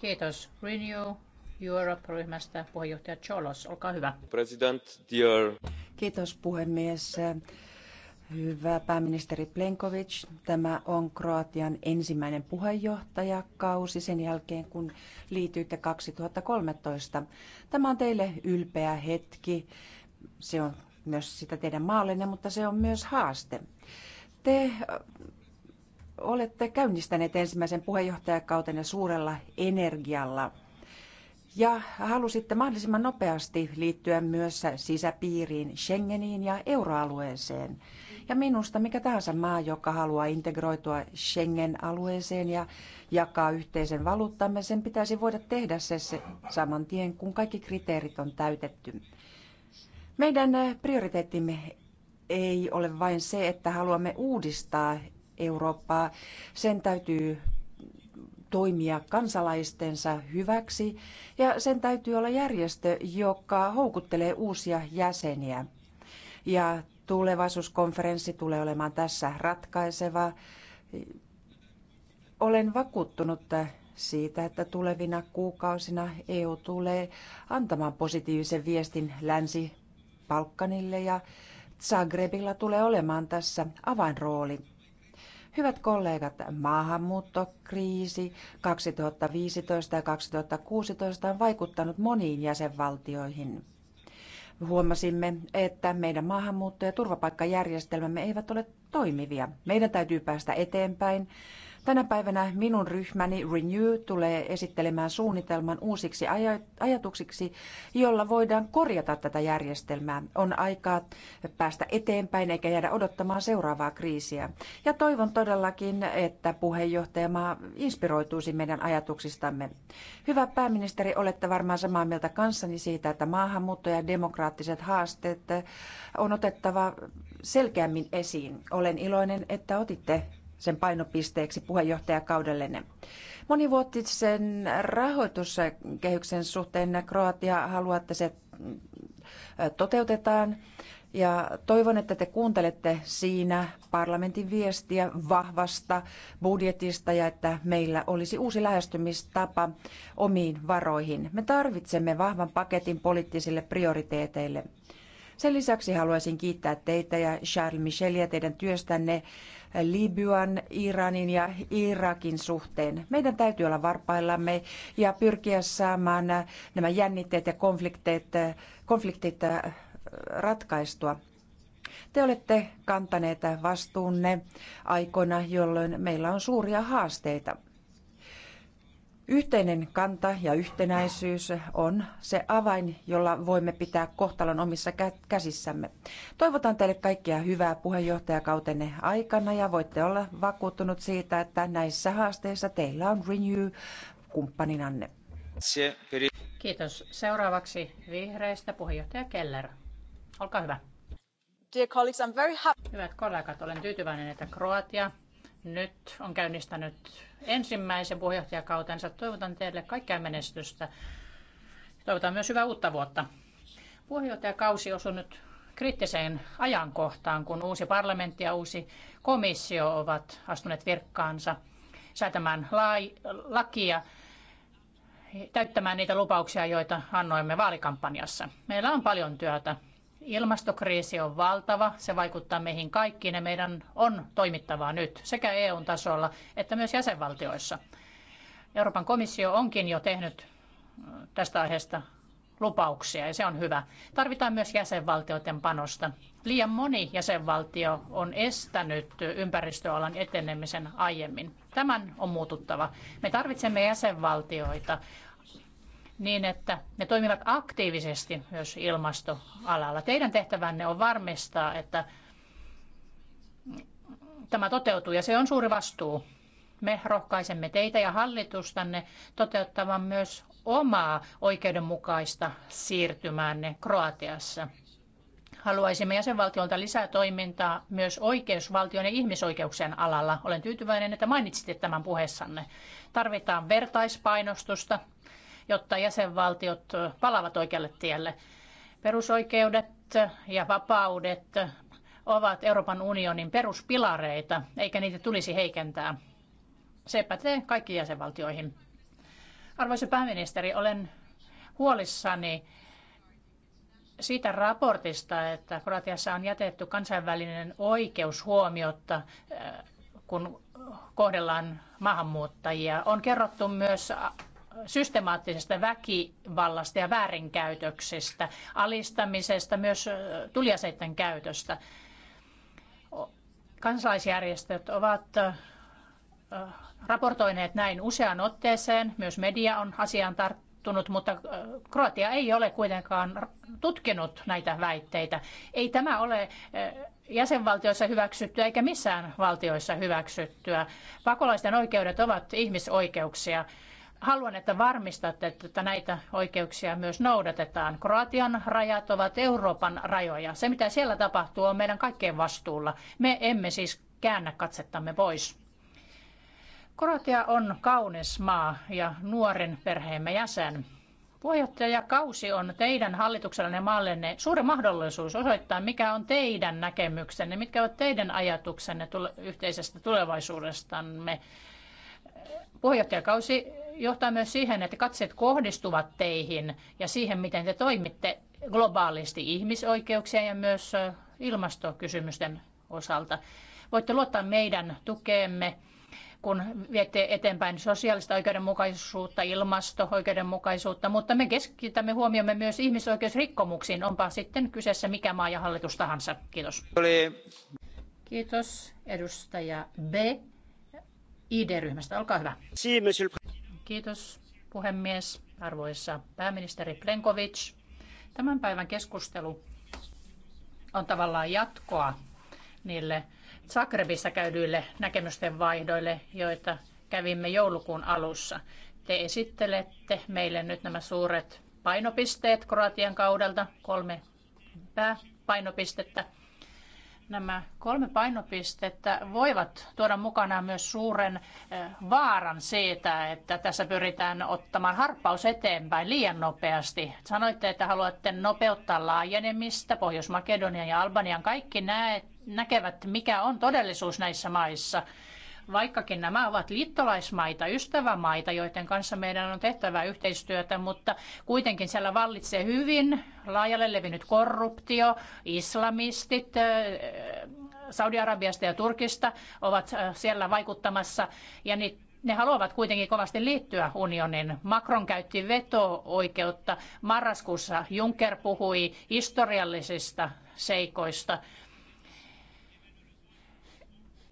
Kiitos. Renew Europe-ryhmästä puheenjohtaja Cholos, olkaa hyvä. President, dear. Kiitos puhemies. Hyvä pääministeri Plenkovic, tämä on Kroatian ensimmäinen puheenjohtajakausi sen jälkeen, kun liityitte 2013. Tämä on teille ylpeä hetki. Se on myös sitä teidän maallenne, mutta se on myös haaste. Te olette käynnistäneet ensimmäisen puheenjohtajakautenne suurella energialla – ja halusitte mahdollisimman nopeasti liittyä myös sisäpiiriin, Schengeniin ja euroalueeseen. Ja minusta mikä tahansa maa, joka haluaa integroitua Schengen-alueeseen ja jakaa yhteisen valuuttamme, sen pitäisi voida tehdä se, se saman tien, kun kaikki kriteerit on täytetty. Meidän prioriteettimme ei ole vain se, että haluamme uudistaa Eurooppaa. Sen täytyy toimia kansalaistensa hyväksi ja sen täytyy olla järjestö, joka houkuttelee uusia jäseniä. Ja tulevaisuuskonferenssi tulee olemaan tässä ratkaiseva. Olen vakuuttunut siitä, että tulevina kuukausina EU tulee antamaan positiivisen viestin länsi palkkanille ja Zagrebilla tulee olemaan tässä avainrooli. Hyvät kollegat, maahanmuuttokriisi 2015 ja 2016 on vaikuttanut moniin jäsenvaltioihin. Huomasimme, että meidän maahanmuutto- ja turvapaikkajärjestelmämme eivät ole toimivia. Meidän täytyy päästä eteenpäin Tänä päivänä minun ryhmäni Renew tulee esittelemään suunnitelman uusiksi ajatuksiksi, jolla voidaan korjata tätä järjestelmää. On aikaa päästä eteenpäin eikä jäädä odottamaan seuraavaa kriisiä. Ja toivon todellakin, että puheenjohtajamaa inspiroituisi meidän ajatuksistamme. Hyvä pääministeri, olette varmaan samaa mieltä kanssani siitä, että maahanmuutto ja demokraattiset haasteet on otettava selkeämmin esiin. Olen iloinen, että otitte sen painopisteeksi puheenjohtajakaudellenne. Monivuotisen rahoituskehyksen suhteen Kroatia että se toteutetaan ja toivon, että te kuuntelette siinä parlamentin viestiä vahvasta budjetista ja että meillä olisi uusi lähestymistapa omiin varoihin. Me tarvitsemme vahvan paketin poliittisille prioriteeteille. Sen lisäksi haluaisin kiittää teitä ja Charles Michelia teidän työstänne Libyan, Iranin ja Irakin suhteen. Meidän täytyy olla varpaillamme ja pyrkiä saamaan nämä jännitteet ja konfliktit, konfliktit äh, ratkaistua. Te olette kantaneet vastuunne aikoina, jolloin meillä on suuria haasteita. Yhteinen kanta ja yhtenäisyys on se avain, jolla voimme pitää kohtalon omissa käsissämme. Toivotan teille kaikkia hyvää puheenjohtajakautenne aikana ja voitte olla vakuuttunut siitä, että näissä haasteissa teillä on Renew kumppaninanne. Kiitos. Seuraavaksi vihreistä puheenjohtaja Keller. Olkaa hyvä. Dear colleagues, I'm very happy. Hyvät kollegat, olen tyytyväinen, että Kroatia nyt on käynnistänyt ensimmäisen puheenjohtajakautensa. Toivotan teille kaikkea menestystä. Toivotan myös hyvää uutta vuotta. Puheenjohtajakausi osui nyt kriittiseen ajankohtaan, kun uusi parlamentti ja uusi komissio ovat astuneet virkkaansa säätämään lai, lakia täyttämään niitä lupauksia, joita annoimme vaalikampanjassa. Meillä on paljon työtä Ilmastokriisi on valtava, se vaikuttaa meihin kaikkiin ja meidän on toimittavaa nyt sekä eu tasolla että myös jäsenvaltioissa. Euroopan komissio onkin jo tehnyt äh, tästä aiheesta lupauksia ja se on hyvä. Tarvitaan myös jäsenvaltioiden panosta. Liian moni jäsenvaltio on estänyt ympäristöalan etenemisen aiemmin. Tämän on muututtava. Me tarvitsemme jäsenvaltioita niin, että ne toimivat aktiivisesti myös ilmastoalalla. Teidän tehtävänne on varmistaa, että tämä toteutuu ja se on suuri vastuu. Me rohkaisemme teitä ja hallitustanne toteuttamaan myös omaa oikeudenmukaista siirtymäänne Kroatiassa. Haluaisimme jäsenvaltiolta lisää toimintaa myös oikeusvaltion ja ihmisoikeuksien alalla. Olen tyytyväinen, että mainitsitte tämän puheessanne. Tarvitaan vertaispainostusta jotta jäsenvaltiot palaavat oikealle tielle. Perusoikeudet ja vapaudet ovat Euroopan unionin peruspilareita, eikä niitä tulisi heikentää. Se pätee kaikkiin jäsenvaltioihin. Arvoisa pääministeri, olen huolissani siitä raportista, että Kroatiassa on jätetty kansainvälinen oikeus huomiota, äh, kun kohdellaan maahanmuuttajia. On kerrottu myös systemaattisesta väkivallasta ja väärinkäytöksestä, alistamisesta, myös tuliaseiden käytöstä. Kansalaisjärjestöt ovat raportoineet näin useaan otteeseen, myös media on asiaan tarttunut, mutta Kroatia ei ole kuitenkaan tutkinut näitä väitteitä. Ei tämä ole jäsenvaltioissa hyväksyttyä eikä missään valtioissa hyväksyttyä. Pakolaisten oikeudet ovat ihmisoikeuksia haluan, että varmistatte, että näitä oikeuksia myös noudatetaan. Kroatian rajat ovat Euroopan rajoja. Se, mitä siellä tapahtuu, on meidän kaikkien vastuulla. Me emme siis käännä katsettamme pois. Kroatia on kaunis maa ja nuoren perheemme jäsen. Puheenjohtajakausi on teidän hallituksellenne maallenne suuri mahdollisuus osoittaa, mikä on teidän näkemyksenne, mitkä ovat teidän ajatuksenne tule- yhteisestä tulevaisuudestamme. Puheenjohtajakausi johtaa myös siihen, että katseet kohdistuvat teihin ja siihen, miten te toimitte globaalisti ihmisoikeuksien ja myös ilmastokysymysten osalta. Voitte luottaa meidän tukeemme, kun viette eteenpäin sosiaalista oikeudenmukaisuutta, ilmasto-oikeudenmukaisuutta, mutta me keskitämme huomiomme myös ihmisoikeusrikkomuksiin, onpa sitten kyseessä mikä maa ja hallitus tahansa. Kiitos. Kiitos edustaja B. ID-ryhmästä, olkaa hyvä. Kiitos puhemies, arvoisa pääministeri Plenkovic. Tämän päivän keskustelu on tavallaan jatkoa niille Zagrebissa käydyille näkemysten vaihdoille, joita kävimme joulukuun alussa. Te esittelette meille nyt nämä suuret painopisteet Kroatian kaudelta, kolme pääpainopistettä. Nämä kolme painopistettä voivat tuoda mukanaan myös suuren eh, vaaran siitä, että tässä pyritään ottamaan harppaus eteenpäin liian nopeasti. Sanoitte, että haluatte nopeuttaa laajenemista. Pohjois-Makedonian ja Albanian kaikki näet, näkevät, mikä on todellisuus näissä maissa vaikkakin nämä ovat liittolaismaita, ystävämaita, joiden kanssa meidän on tehtävä yhteistyötä, mutta kuitenkin siellä vallitsee hyvin laajalle levinnyt korruptio, islamistit, Saudi-Arabiasta ja Turkista ovat siellä vaikuttamassa ja ne haluavat kuitenkin kovasti liittyä unionin. Macron käytti veto-oikeutta. Marraskuussa Juncker puhui historiallisista seikoista.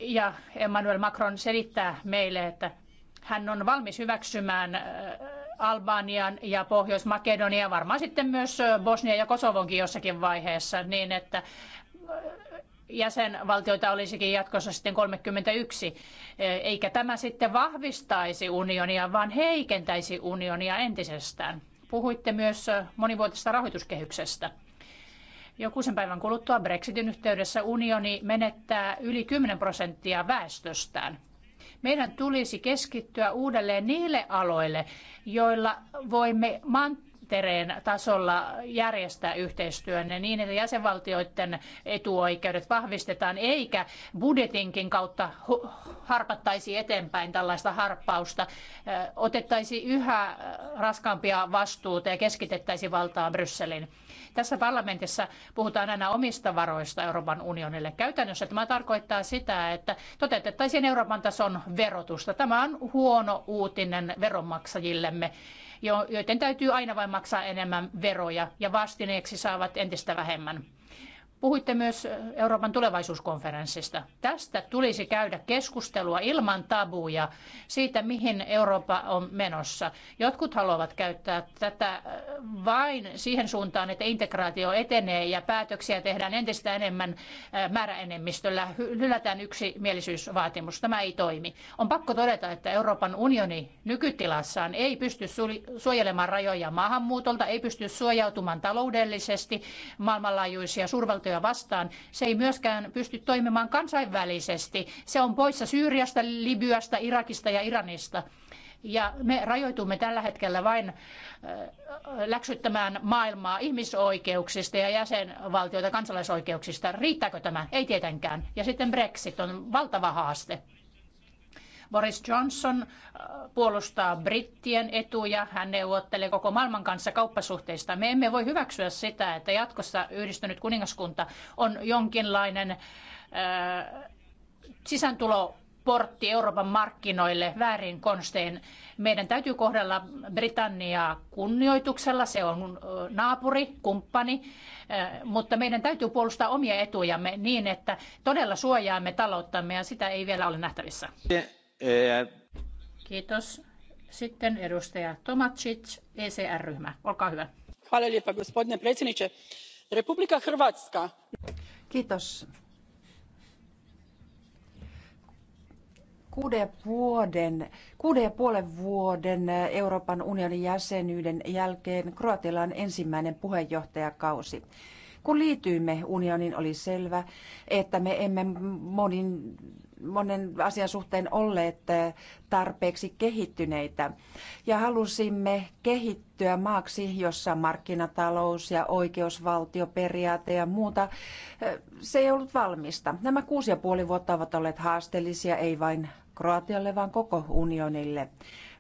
Ja Emmanuel Macron selittää meille, että hän on valmis hyväksymään äh, Albanian ja Pohjois-Makedonia, varmaan sitten myös äh, Bosnia ja Kosovonkin jossakin vaiheessa, niin että äh, jäsenvaltioita olisikin jatkossa sitten 31, eikä tämä sitten vahvistaisi unionia, vaan heikentäisi unionia entisestään. Puhuitte myös monivuotisesta rahoituskehyksestä. Jokuisen päivän kuluttua Brexitin yhteydessä unioni menettää yli 10 prosenttia väestöstään. Meidän tulisi keskittyä uudelleen niille aloille, joilla voimme ministereen tasolla järjestää yhteistyönne niin, että jäsenvaltioiden etuoikeudet vahvistetaan, eikä budjetinkin kautta harpattaisi eteenpäin tällaista harppausta, otettaisi yhä raskaampia vastuuta ja keskitettäisi valtaa Brysselin. Tässä parlamentissa puhutaan aina omista varoista Euroopan unionille. Käytännössä tämä tarkoittaa sitä, että toteutettaisiin Euroopan tason verotusta. Tämä on huono uutinen veronmaksajillemme joiden täytyy aina vain maksaa enemmän veroja ja vastineeksi saavat entistä vähemmän. Puhuitte myös Euroopan tulevaisuuskonferenssista. Tästä tulisi käydä keskustelua ilman tabuja siitä, mihin Eurooppa on menossa. Jotkut haluavat käyttää tätä vain siihen suuntaan, että integraatio etenee ja päätöksiä tehdään entistä enemmän määräenemmistöllä. Hylätään mielisyysvaatimus. Tämä ei toimi. On pakko todeta, että Euroopan unioni nykytilassaan ei pysty suojelemaan rajoja maahanmuutolta, ei pysty suojautumaan taloudellisesti maailmanlaajuisia suurvaltoja järjestöjä vastaan. Se ei myöskään pysty toimimaan kansainvälisesti. Se on poissa Syyriasta, Libyasta, Irakista ja Iranista. Ja me rajoitumme tällä hetkellä vain äh, läksyttämään maailmaa ihmisoikeuksista ja jäsenvaltioita kansalaisoikeuksista. Riittääkö tämä? Ei tietenkään. Ja sitten Brexit on valtava haaste. Boris Johnson äh, puolustaa brittien etuja, hän neuvottelee koko maailman kanssa kauppasuhteista. Me emme voi hyväksyä sitä, että jatkossa yhdistynyt kuningaskunta on jonkinlainen äh, sisääntulo portti Euroopan markkinoille väärin konstein. Meidän täytyy kohdella Britanniaa kunnioituksella, se on äh, naapuri, kumppani, äh, mutta meidän täytyy puolustaa omia etujamme niin, että todella suojaamme talouttamme ja sitä ei vielä ole nähtävissä. Kiitos. Sitten edustaja Tomacic, ECR-ryhmä. Olkaa hyvä. Hvala lijepa, gospodine predsjedniče. Republika Hrvatska. Kiitos. kuuden vuoden, kuuden ja puolen vuoden Euroopan unionin jäsenyyden jälkeen Kroatialla on ensimmäinen puheenjohtajakausi. Kun liityimme unioniin, oli selvä, että me emme monin monen asian suhteen olleet eh, tarpeeksi kehittyneitä ja halusimme kehittyä maaksi, jossa markkinatalous ja oikeusvaltioperiaate ja muuta, eh, se ei ollut valmista. Nämä kuusi ja puoli vuotta ovat olleet haasteellisia, ei vain Kroatialle, vaan koko unionille.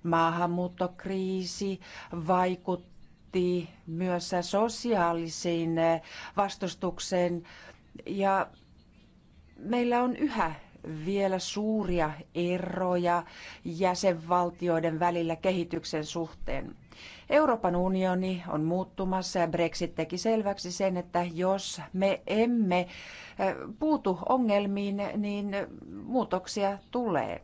Maahanmuuttokriisi vaikutti myös sosiaalisiin eh, vastustukseen ja meillä on yhä vielä suuria eroja jäsenvaltioiden välillä kehityksen suhteen. Euroopan unioni on muuttumassa ja Brexit teki selväksi sen, että jos me emme eh, puutu ongelmiin, niin muutoksia tulee.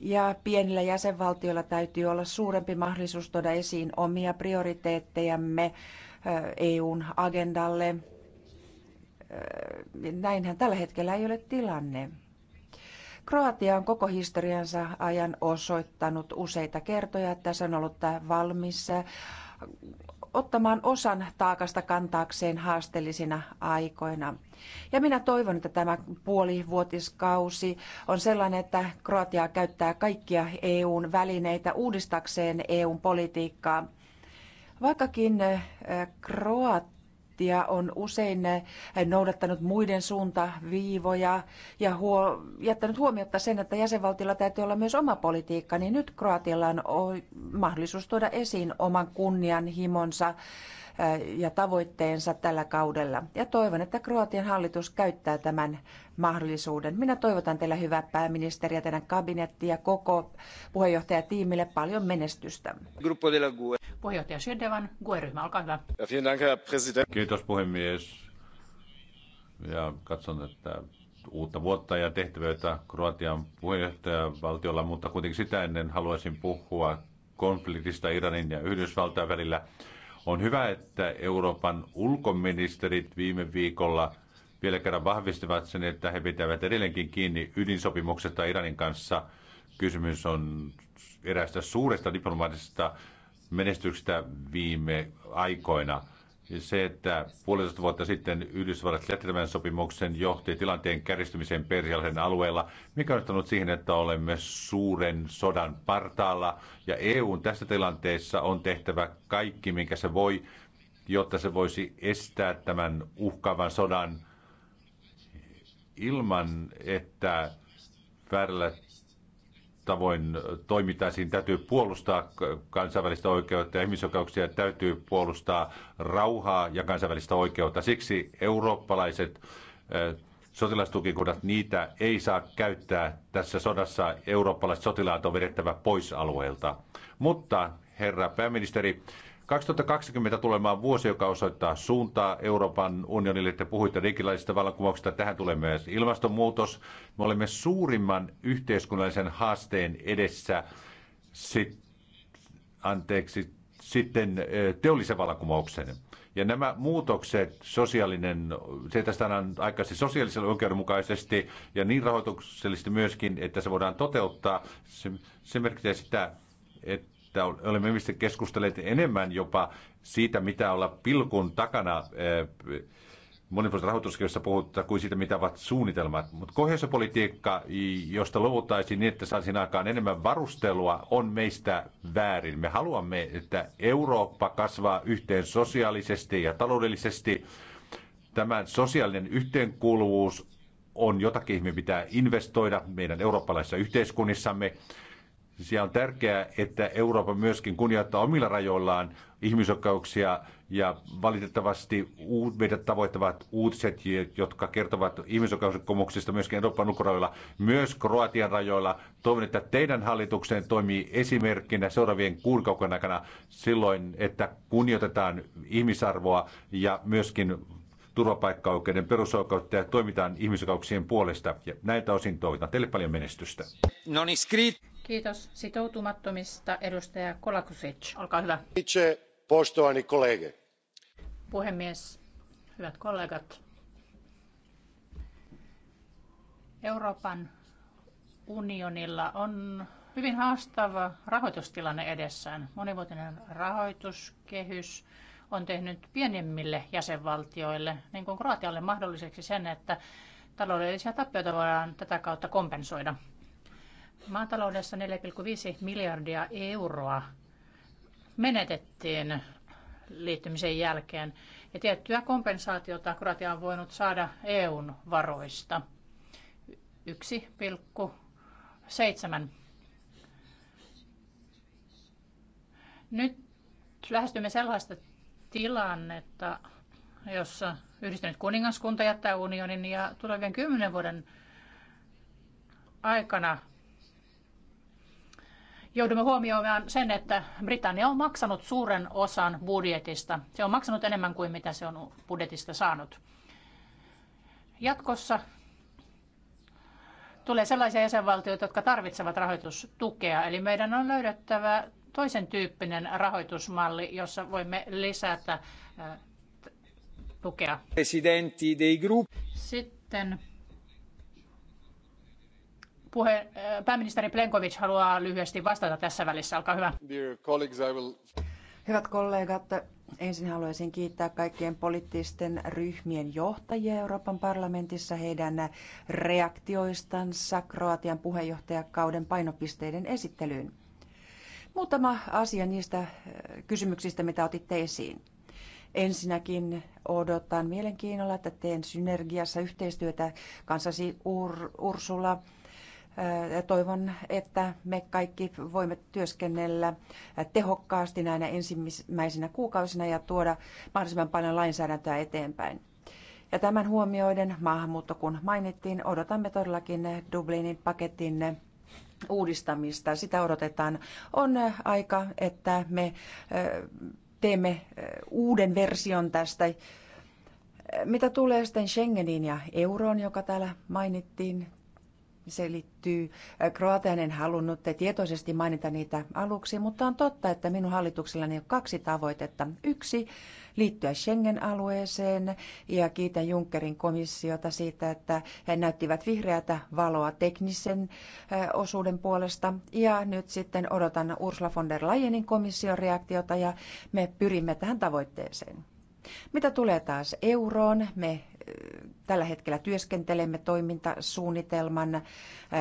Ja pienillä jäsenvaltioilla täytyy olla suurempi mahdollisuus tuoda esiin omia prioriteettejamme eh, EUn agendalle näinhän tällä hetkellä ei ole tilanne. Kroatia on koko historiansa ajan osoittanut useita kertoja, että se on ollut valmis ottamaan osan taakasta kantaakseen haasteellisina aikoina. Ja minä toivon, että tämä puolivuotiskausi on sellainen, että Kroatia käyttää kaikkia EUn välineitä uudistakseen EUn politiikkaa. Vaikkakin Kroatia parlamenttia on usein noudattanut muiden suuntaviivoja ja huo, jättänyt huomiota sen, että jäsenvaltiolla täytyy olla myös oma politiikka, niin nyt Kroatialla on mahdollisuus tuoda esiin oman kunnianhimonsa ja tavoitteensa tällä kaudella. Ja toivon, että Kroatian hallitus käyttää tämän mahdollisuuden. Minä toivotan teille hyvää pääministeriä, teidän kabinetti ja koko puheenjohtajatiimille paljon menestystä. Puheenjohtaja Sjödevan, GUE-ryhmä, olkaa hyvä. Kiitos puhemies. Ja katson, että uutta vuotta ja tehtävöitä Kroatian puheenjohtajavaltiolla, mutta kuitenkin sitä ennen haluaisin puhua konfliktista Iranin ja Yhdysvaltain välillä. On hyvä, että Euroopan ulkoministerit viime viikolla vielä kerran vahvistivat sen, että he pitävät edelleenkin kiinni ydinsopimuksesta Iranin kanssa. Kysymys on eräästä suuresta diplomaattisesta menestyksestä viime aikoina – se, että puolitoista vuotta sitten Yhdysvallat jättävän sopimuksen, johti tilanteen kärjistymisen Persialaisen alueella, mikä on johtanut siihen, että olemme suuren sodan partaalla. Ja EU tässä tilanteessa on tehtävä kaikki, minkä se voi, jotta se voisi estää tämän uhkaavan sodan ilman, että väärällä tavoin siinä Täytyy puolustaa kansainvälistä oikeutta ja ihmisoikeuksia, täytyy puolustaa rauhaa ja kansainvälistä oikeutta. Siksi eurooppalaiset sotilastukikunnat, niitä ei saa käyttää tässä sodassa. Eurooppalaiset sotilaat on vedettävä pois alueelta. Mutta herra pääministeri. 2020 tulemaan vuosi, joka osoittaa suuntaa Euroopan unionille. Te puhuitte digilaisista vallankumouksista. Tähän tulee myös ilmastonmuutos. Me olemme suurimman yhteiskunnallisen haasteen edessä sit, anteeksi, sitten eh, teollisen vallankumouksen. Ja nämä muutokset, sosiaalinen, se tästä on aikaisemmin sosiaalisella oikeudenmukaisesti ja niin rahoituksellisesti myöskin, että se voidaan toteuttaa, se, se merkitsee sitä, että että olemme mistä keskustelleet enemmän jopa siitä, mitä olla pilkun takana eh, monipuolisessa rahoituskirjassa puhutaan kuin siitä, mitä ovat suunnitelmat. Mutta kohjaisopolitiikka, josta luvuttaisiin niin, että saisin aikaan enemmän varustelua, on meistä väärin. Me haluamme, että Eurooppa kasvaa yhteen sosiaalisesti ja taloudellisesti. Tämän sosiaalinen yhteenkuuluvuus on jotakin, mitä pitää investoida meidän eurooppalaisissa yhteiskunnissamme. Siellä on tärkeää, että Eurooppa myöskin kunnioittaa omilla rajoillaan ihmisoikeuksia ja valitettavasti meidät tavoittavat uutiset, jotka kertovat ihmisoikeusrikkomuksista myöskin Euroopan ulkorajoilla, myös Kroatian rajoilla. Toivon, että teidän hallituksen toimii esimerkkinä seuraavien kuukauden aikana silloin, että kunnioitetaan ihmisarvoa ja myöskin turvapaikkaoikeuden perusoikeutta ja toimitaan ihmisoikeuksien puolesta. Ja näiltä osin toivotan teille paljon menestystä. No niin, Kiitos sitoutumattomista. Edustaja Kolakusic, olkaa hyvä. Itse postoani kollege. Puhemies, hyvät kollegat. Euroopan unionilla on hyvin haastava rahoitustilanne edessään. Monivuotinen rahoituskehys on tehnyt pienemmille jäsenvaltioille, niin kuin Kroatialle, mahdolliseksi sen, että taloudellisia tappioita voidaan tätä kautta kompensoida. Maataloudessa 4,5 miljardia euroa menetettiin liittymisen jälkeen ja tiettyä kompensaatiota Kroatia on voinut saada EUn varoista. 1,7. Nyt lähestymme sellaista tilannetta, jossa yhdistynyt kuningaskunta jättää unionin ja tulevien kymmenen vuoden aikana joudumme huomioimaan sen, että Britannia on maksanut suuren osan budjetista. Se on maksanut enemmän kuin mitä se on budjetista saanut. Jatkossa tulee sellaisia jäsenvaltioita, jotka tarvitsevat rahoitustukea, eli meidän on löydettävä toisen tyyppinen rahoitusmalli, jossa voimme lisätä tukea. Presidenti dei gruppi. Sitten puhe, äh, pääministeri Plenkovic haluaa lyhyesti vastata tässä välissä. Olkaa hyvä. Hyvät kollegat, ensin haluaisin kiittää kaikkien poliittisten ryhmien johtajia Euroopan parlamentissa heidän reaktioistansa Kroatian puheenjohtajakauden painopisteiden esittelyyn. Muutama asia niistä äh, kysymyksistä, mitä otitte esiin. Ensinnäkin odotan mielenkiinnolla, että teen synergiassa yhteistyötä kanssasi Ur- Ursula Toivon, että me kaikki voimme työskennellä tehokkaasti näinä ensimmäisinä kuukausina ja tuoda mahdollisimman paljon lainsäädäntöä eteenpäin. Ja tämän huomioiden maahanmuutto, kun mainittiin, odotamme todellakin Dublinin paketin uudistamista. Sitä odotetaan. On aika, että me teemme uuden version tästä. Mitä tulee sitten Schengeniin ja euroon, joka täällä mainittiin, selittyy. Kroatian, en halunnut tietoisesti mainita niitä aluksi, mutta on totta, että minun hallituksellani on kaksi tavoitetta. Yksi, liittyä Schengen-alueeseen ja kiitän Junckerin komissiota siitä, että he näyttivät vihreätä valoa teknisen osuuden puolesta. Ja nyt sitten odotan Ursula von der Leyenin komission reaktiota ja me pyrimme tähän tavoitteeseen. Mitä tulee taas euroon, me tällä hetkellä työskentelemme toimintasuunnitelman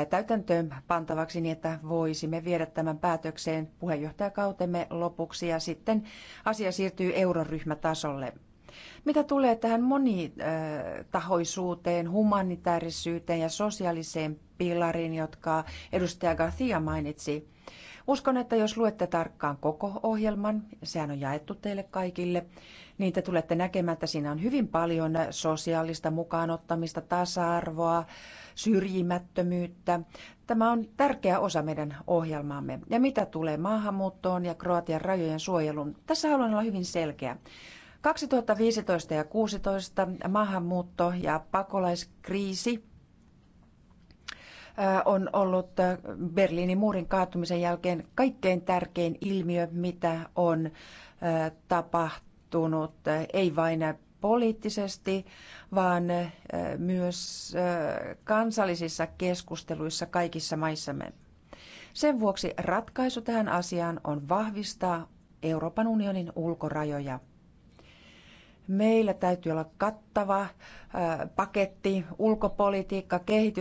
täytäntöön pantavaksi niin, että voisimme viedä tämän päätökseen puheenjohtajakautemme lopuksi ja sitten asia siirtyy euroryhmätasolle. Mitä tulee tähän monitahoisuuteen, humanitaarisyyteen ja sosiaaliseen pilariin, jotka edustaja Garcia mainitsi, Uskon, että jos luette tarkkaan koko ohjelman, sehän on jaettu teille kaikille, niin te tulette näkemään, että siinä on hyvin paljon sosiaalista mukaanottamista, tasa-arvoa, syrjimättömyyttä. Tämä on tärkeä osa meidän ohjelmaamme. Ja mitä tulee maahanmuuttoon ja Kroatian rajojen suojeluun, tässä haluan olla hyvin selkeä. 2015 ja 2016 maahanmuutto- ja pakolaiskriisi on ollut Berliinin muurin kaatumisen jälkeen kaikkein tärkein ilmiö, mitä on tapahtunut muuttunut, ei vain poliittisesti, vaan äh, myös äh, kansallisissa keskusteluissa kaikissa maissamme. Sen vuoksi ratkaisu tähän asiaan on vahvistaa Euroopan unionin ulkorajoja. Meillä täytyy olla kattava äh, paketti, ulkopolitiikka, kehitys,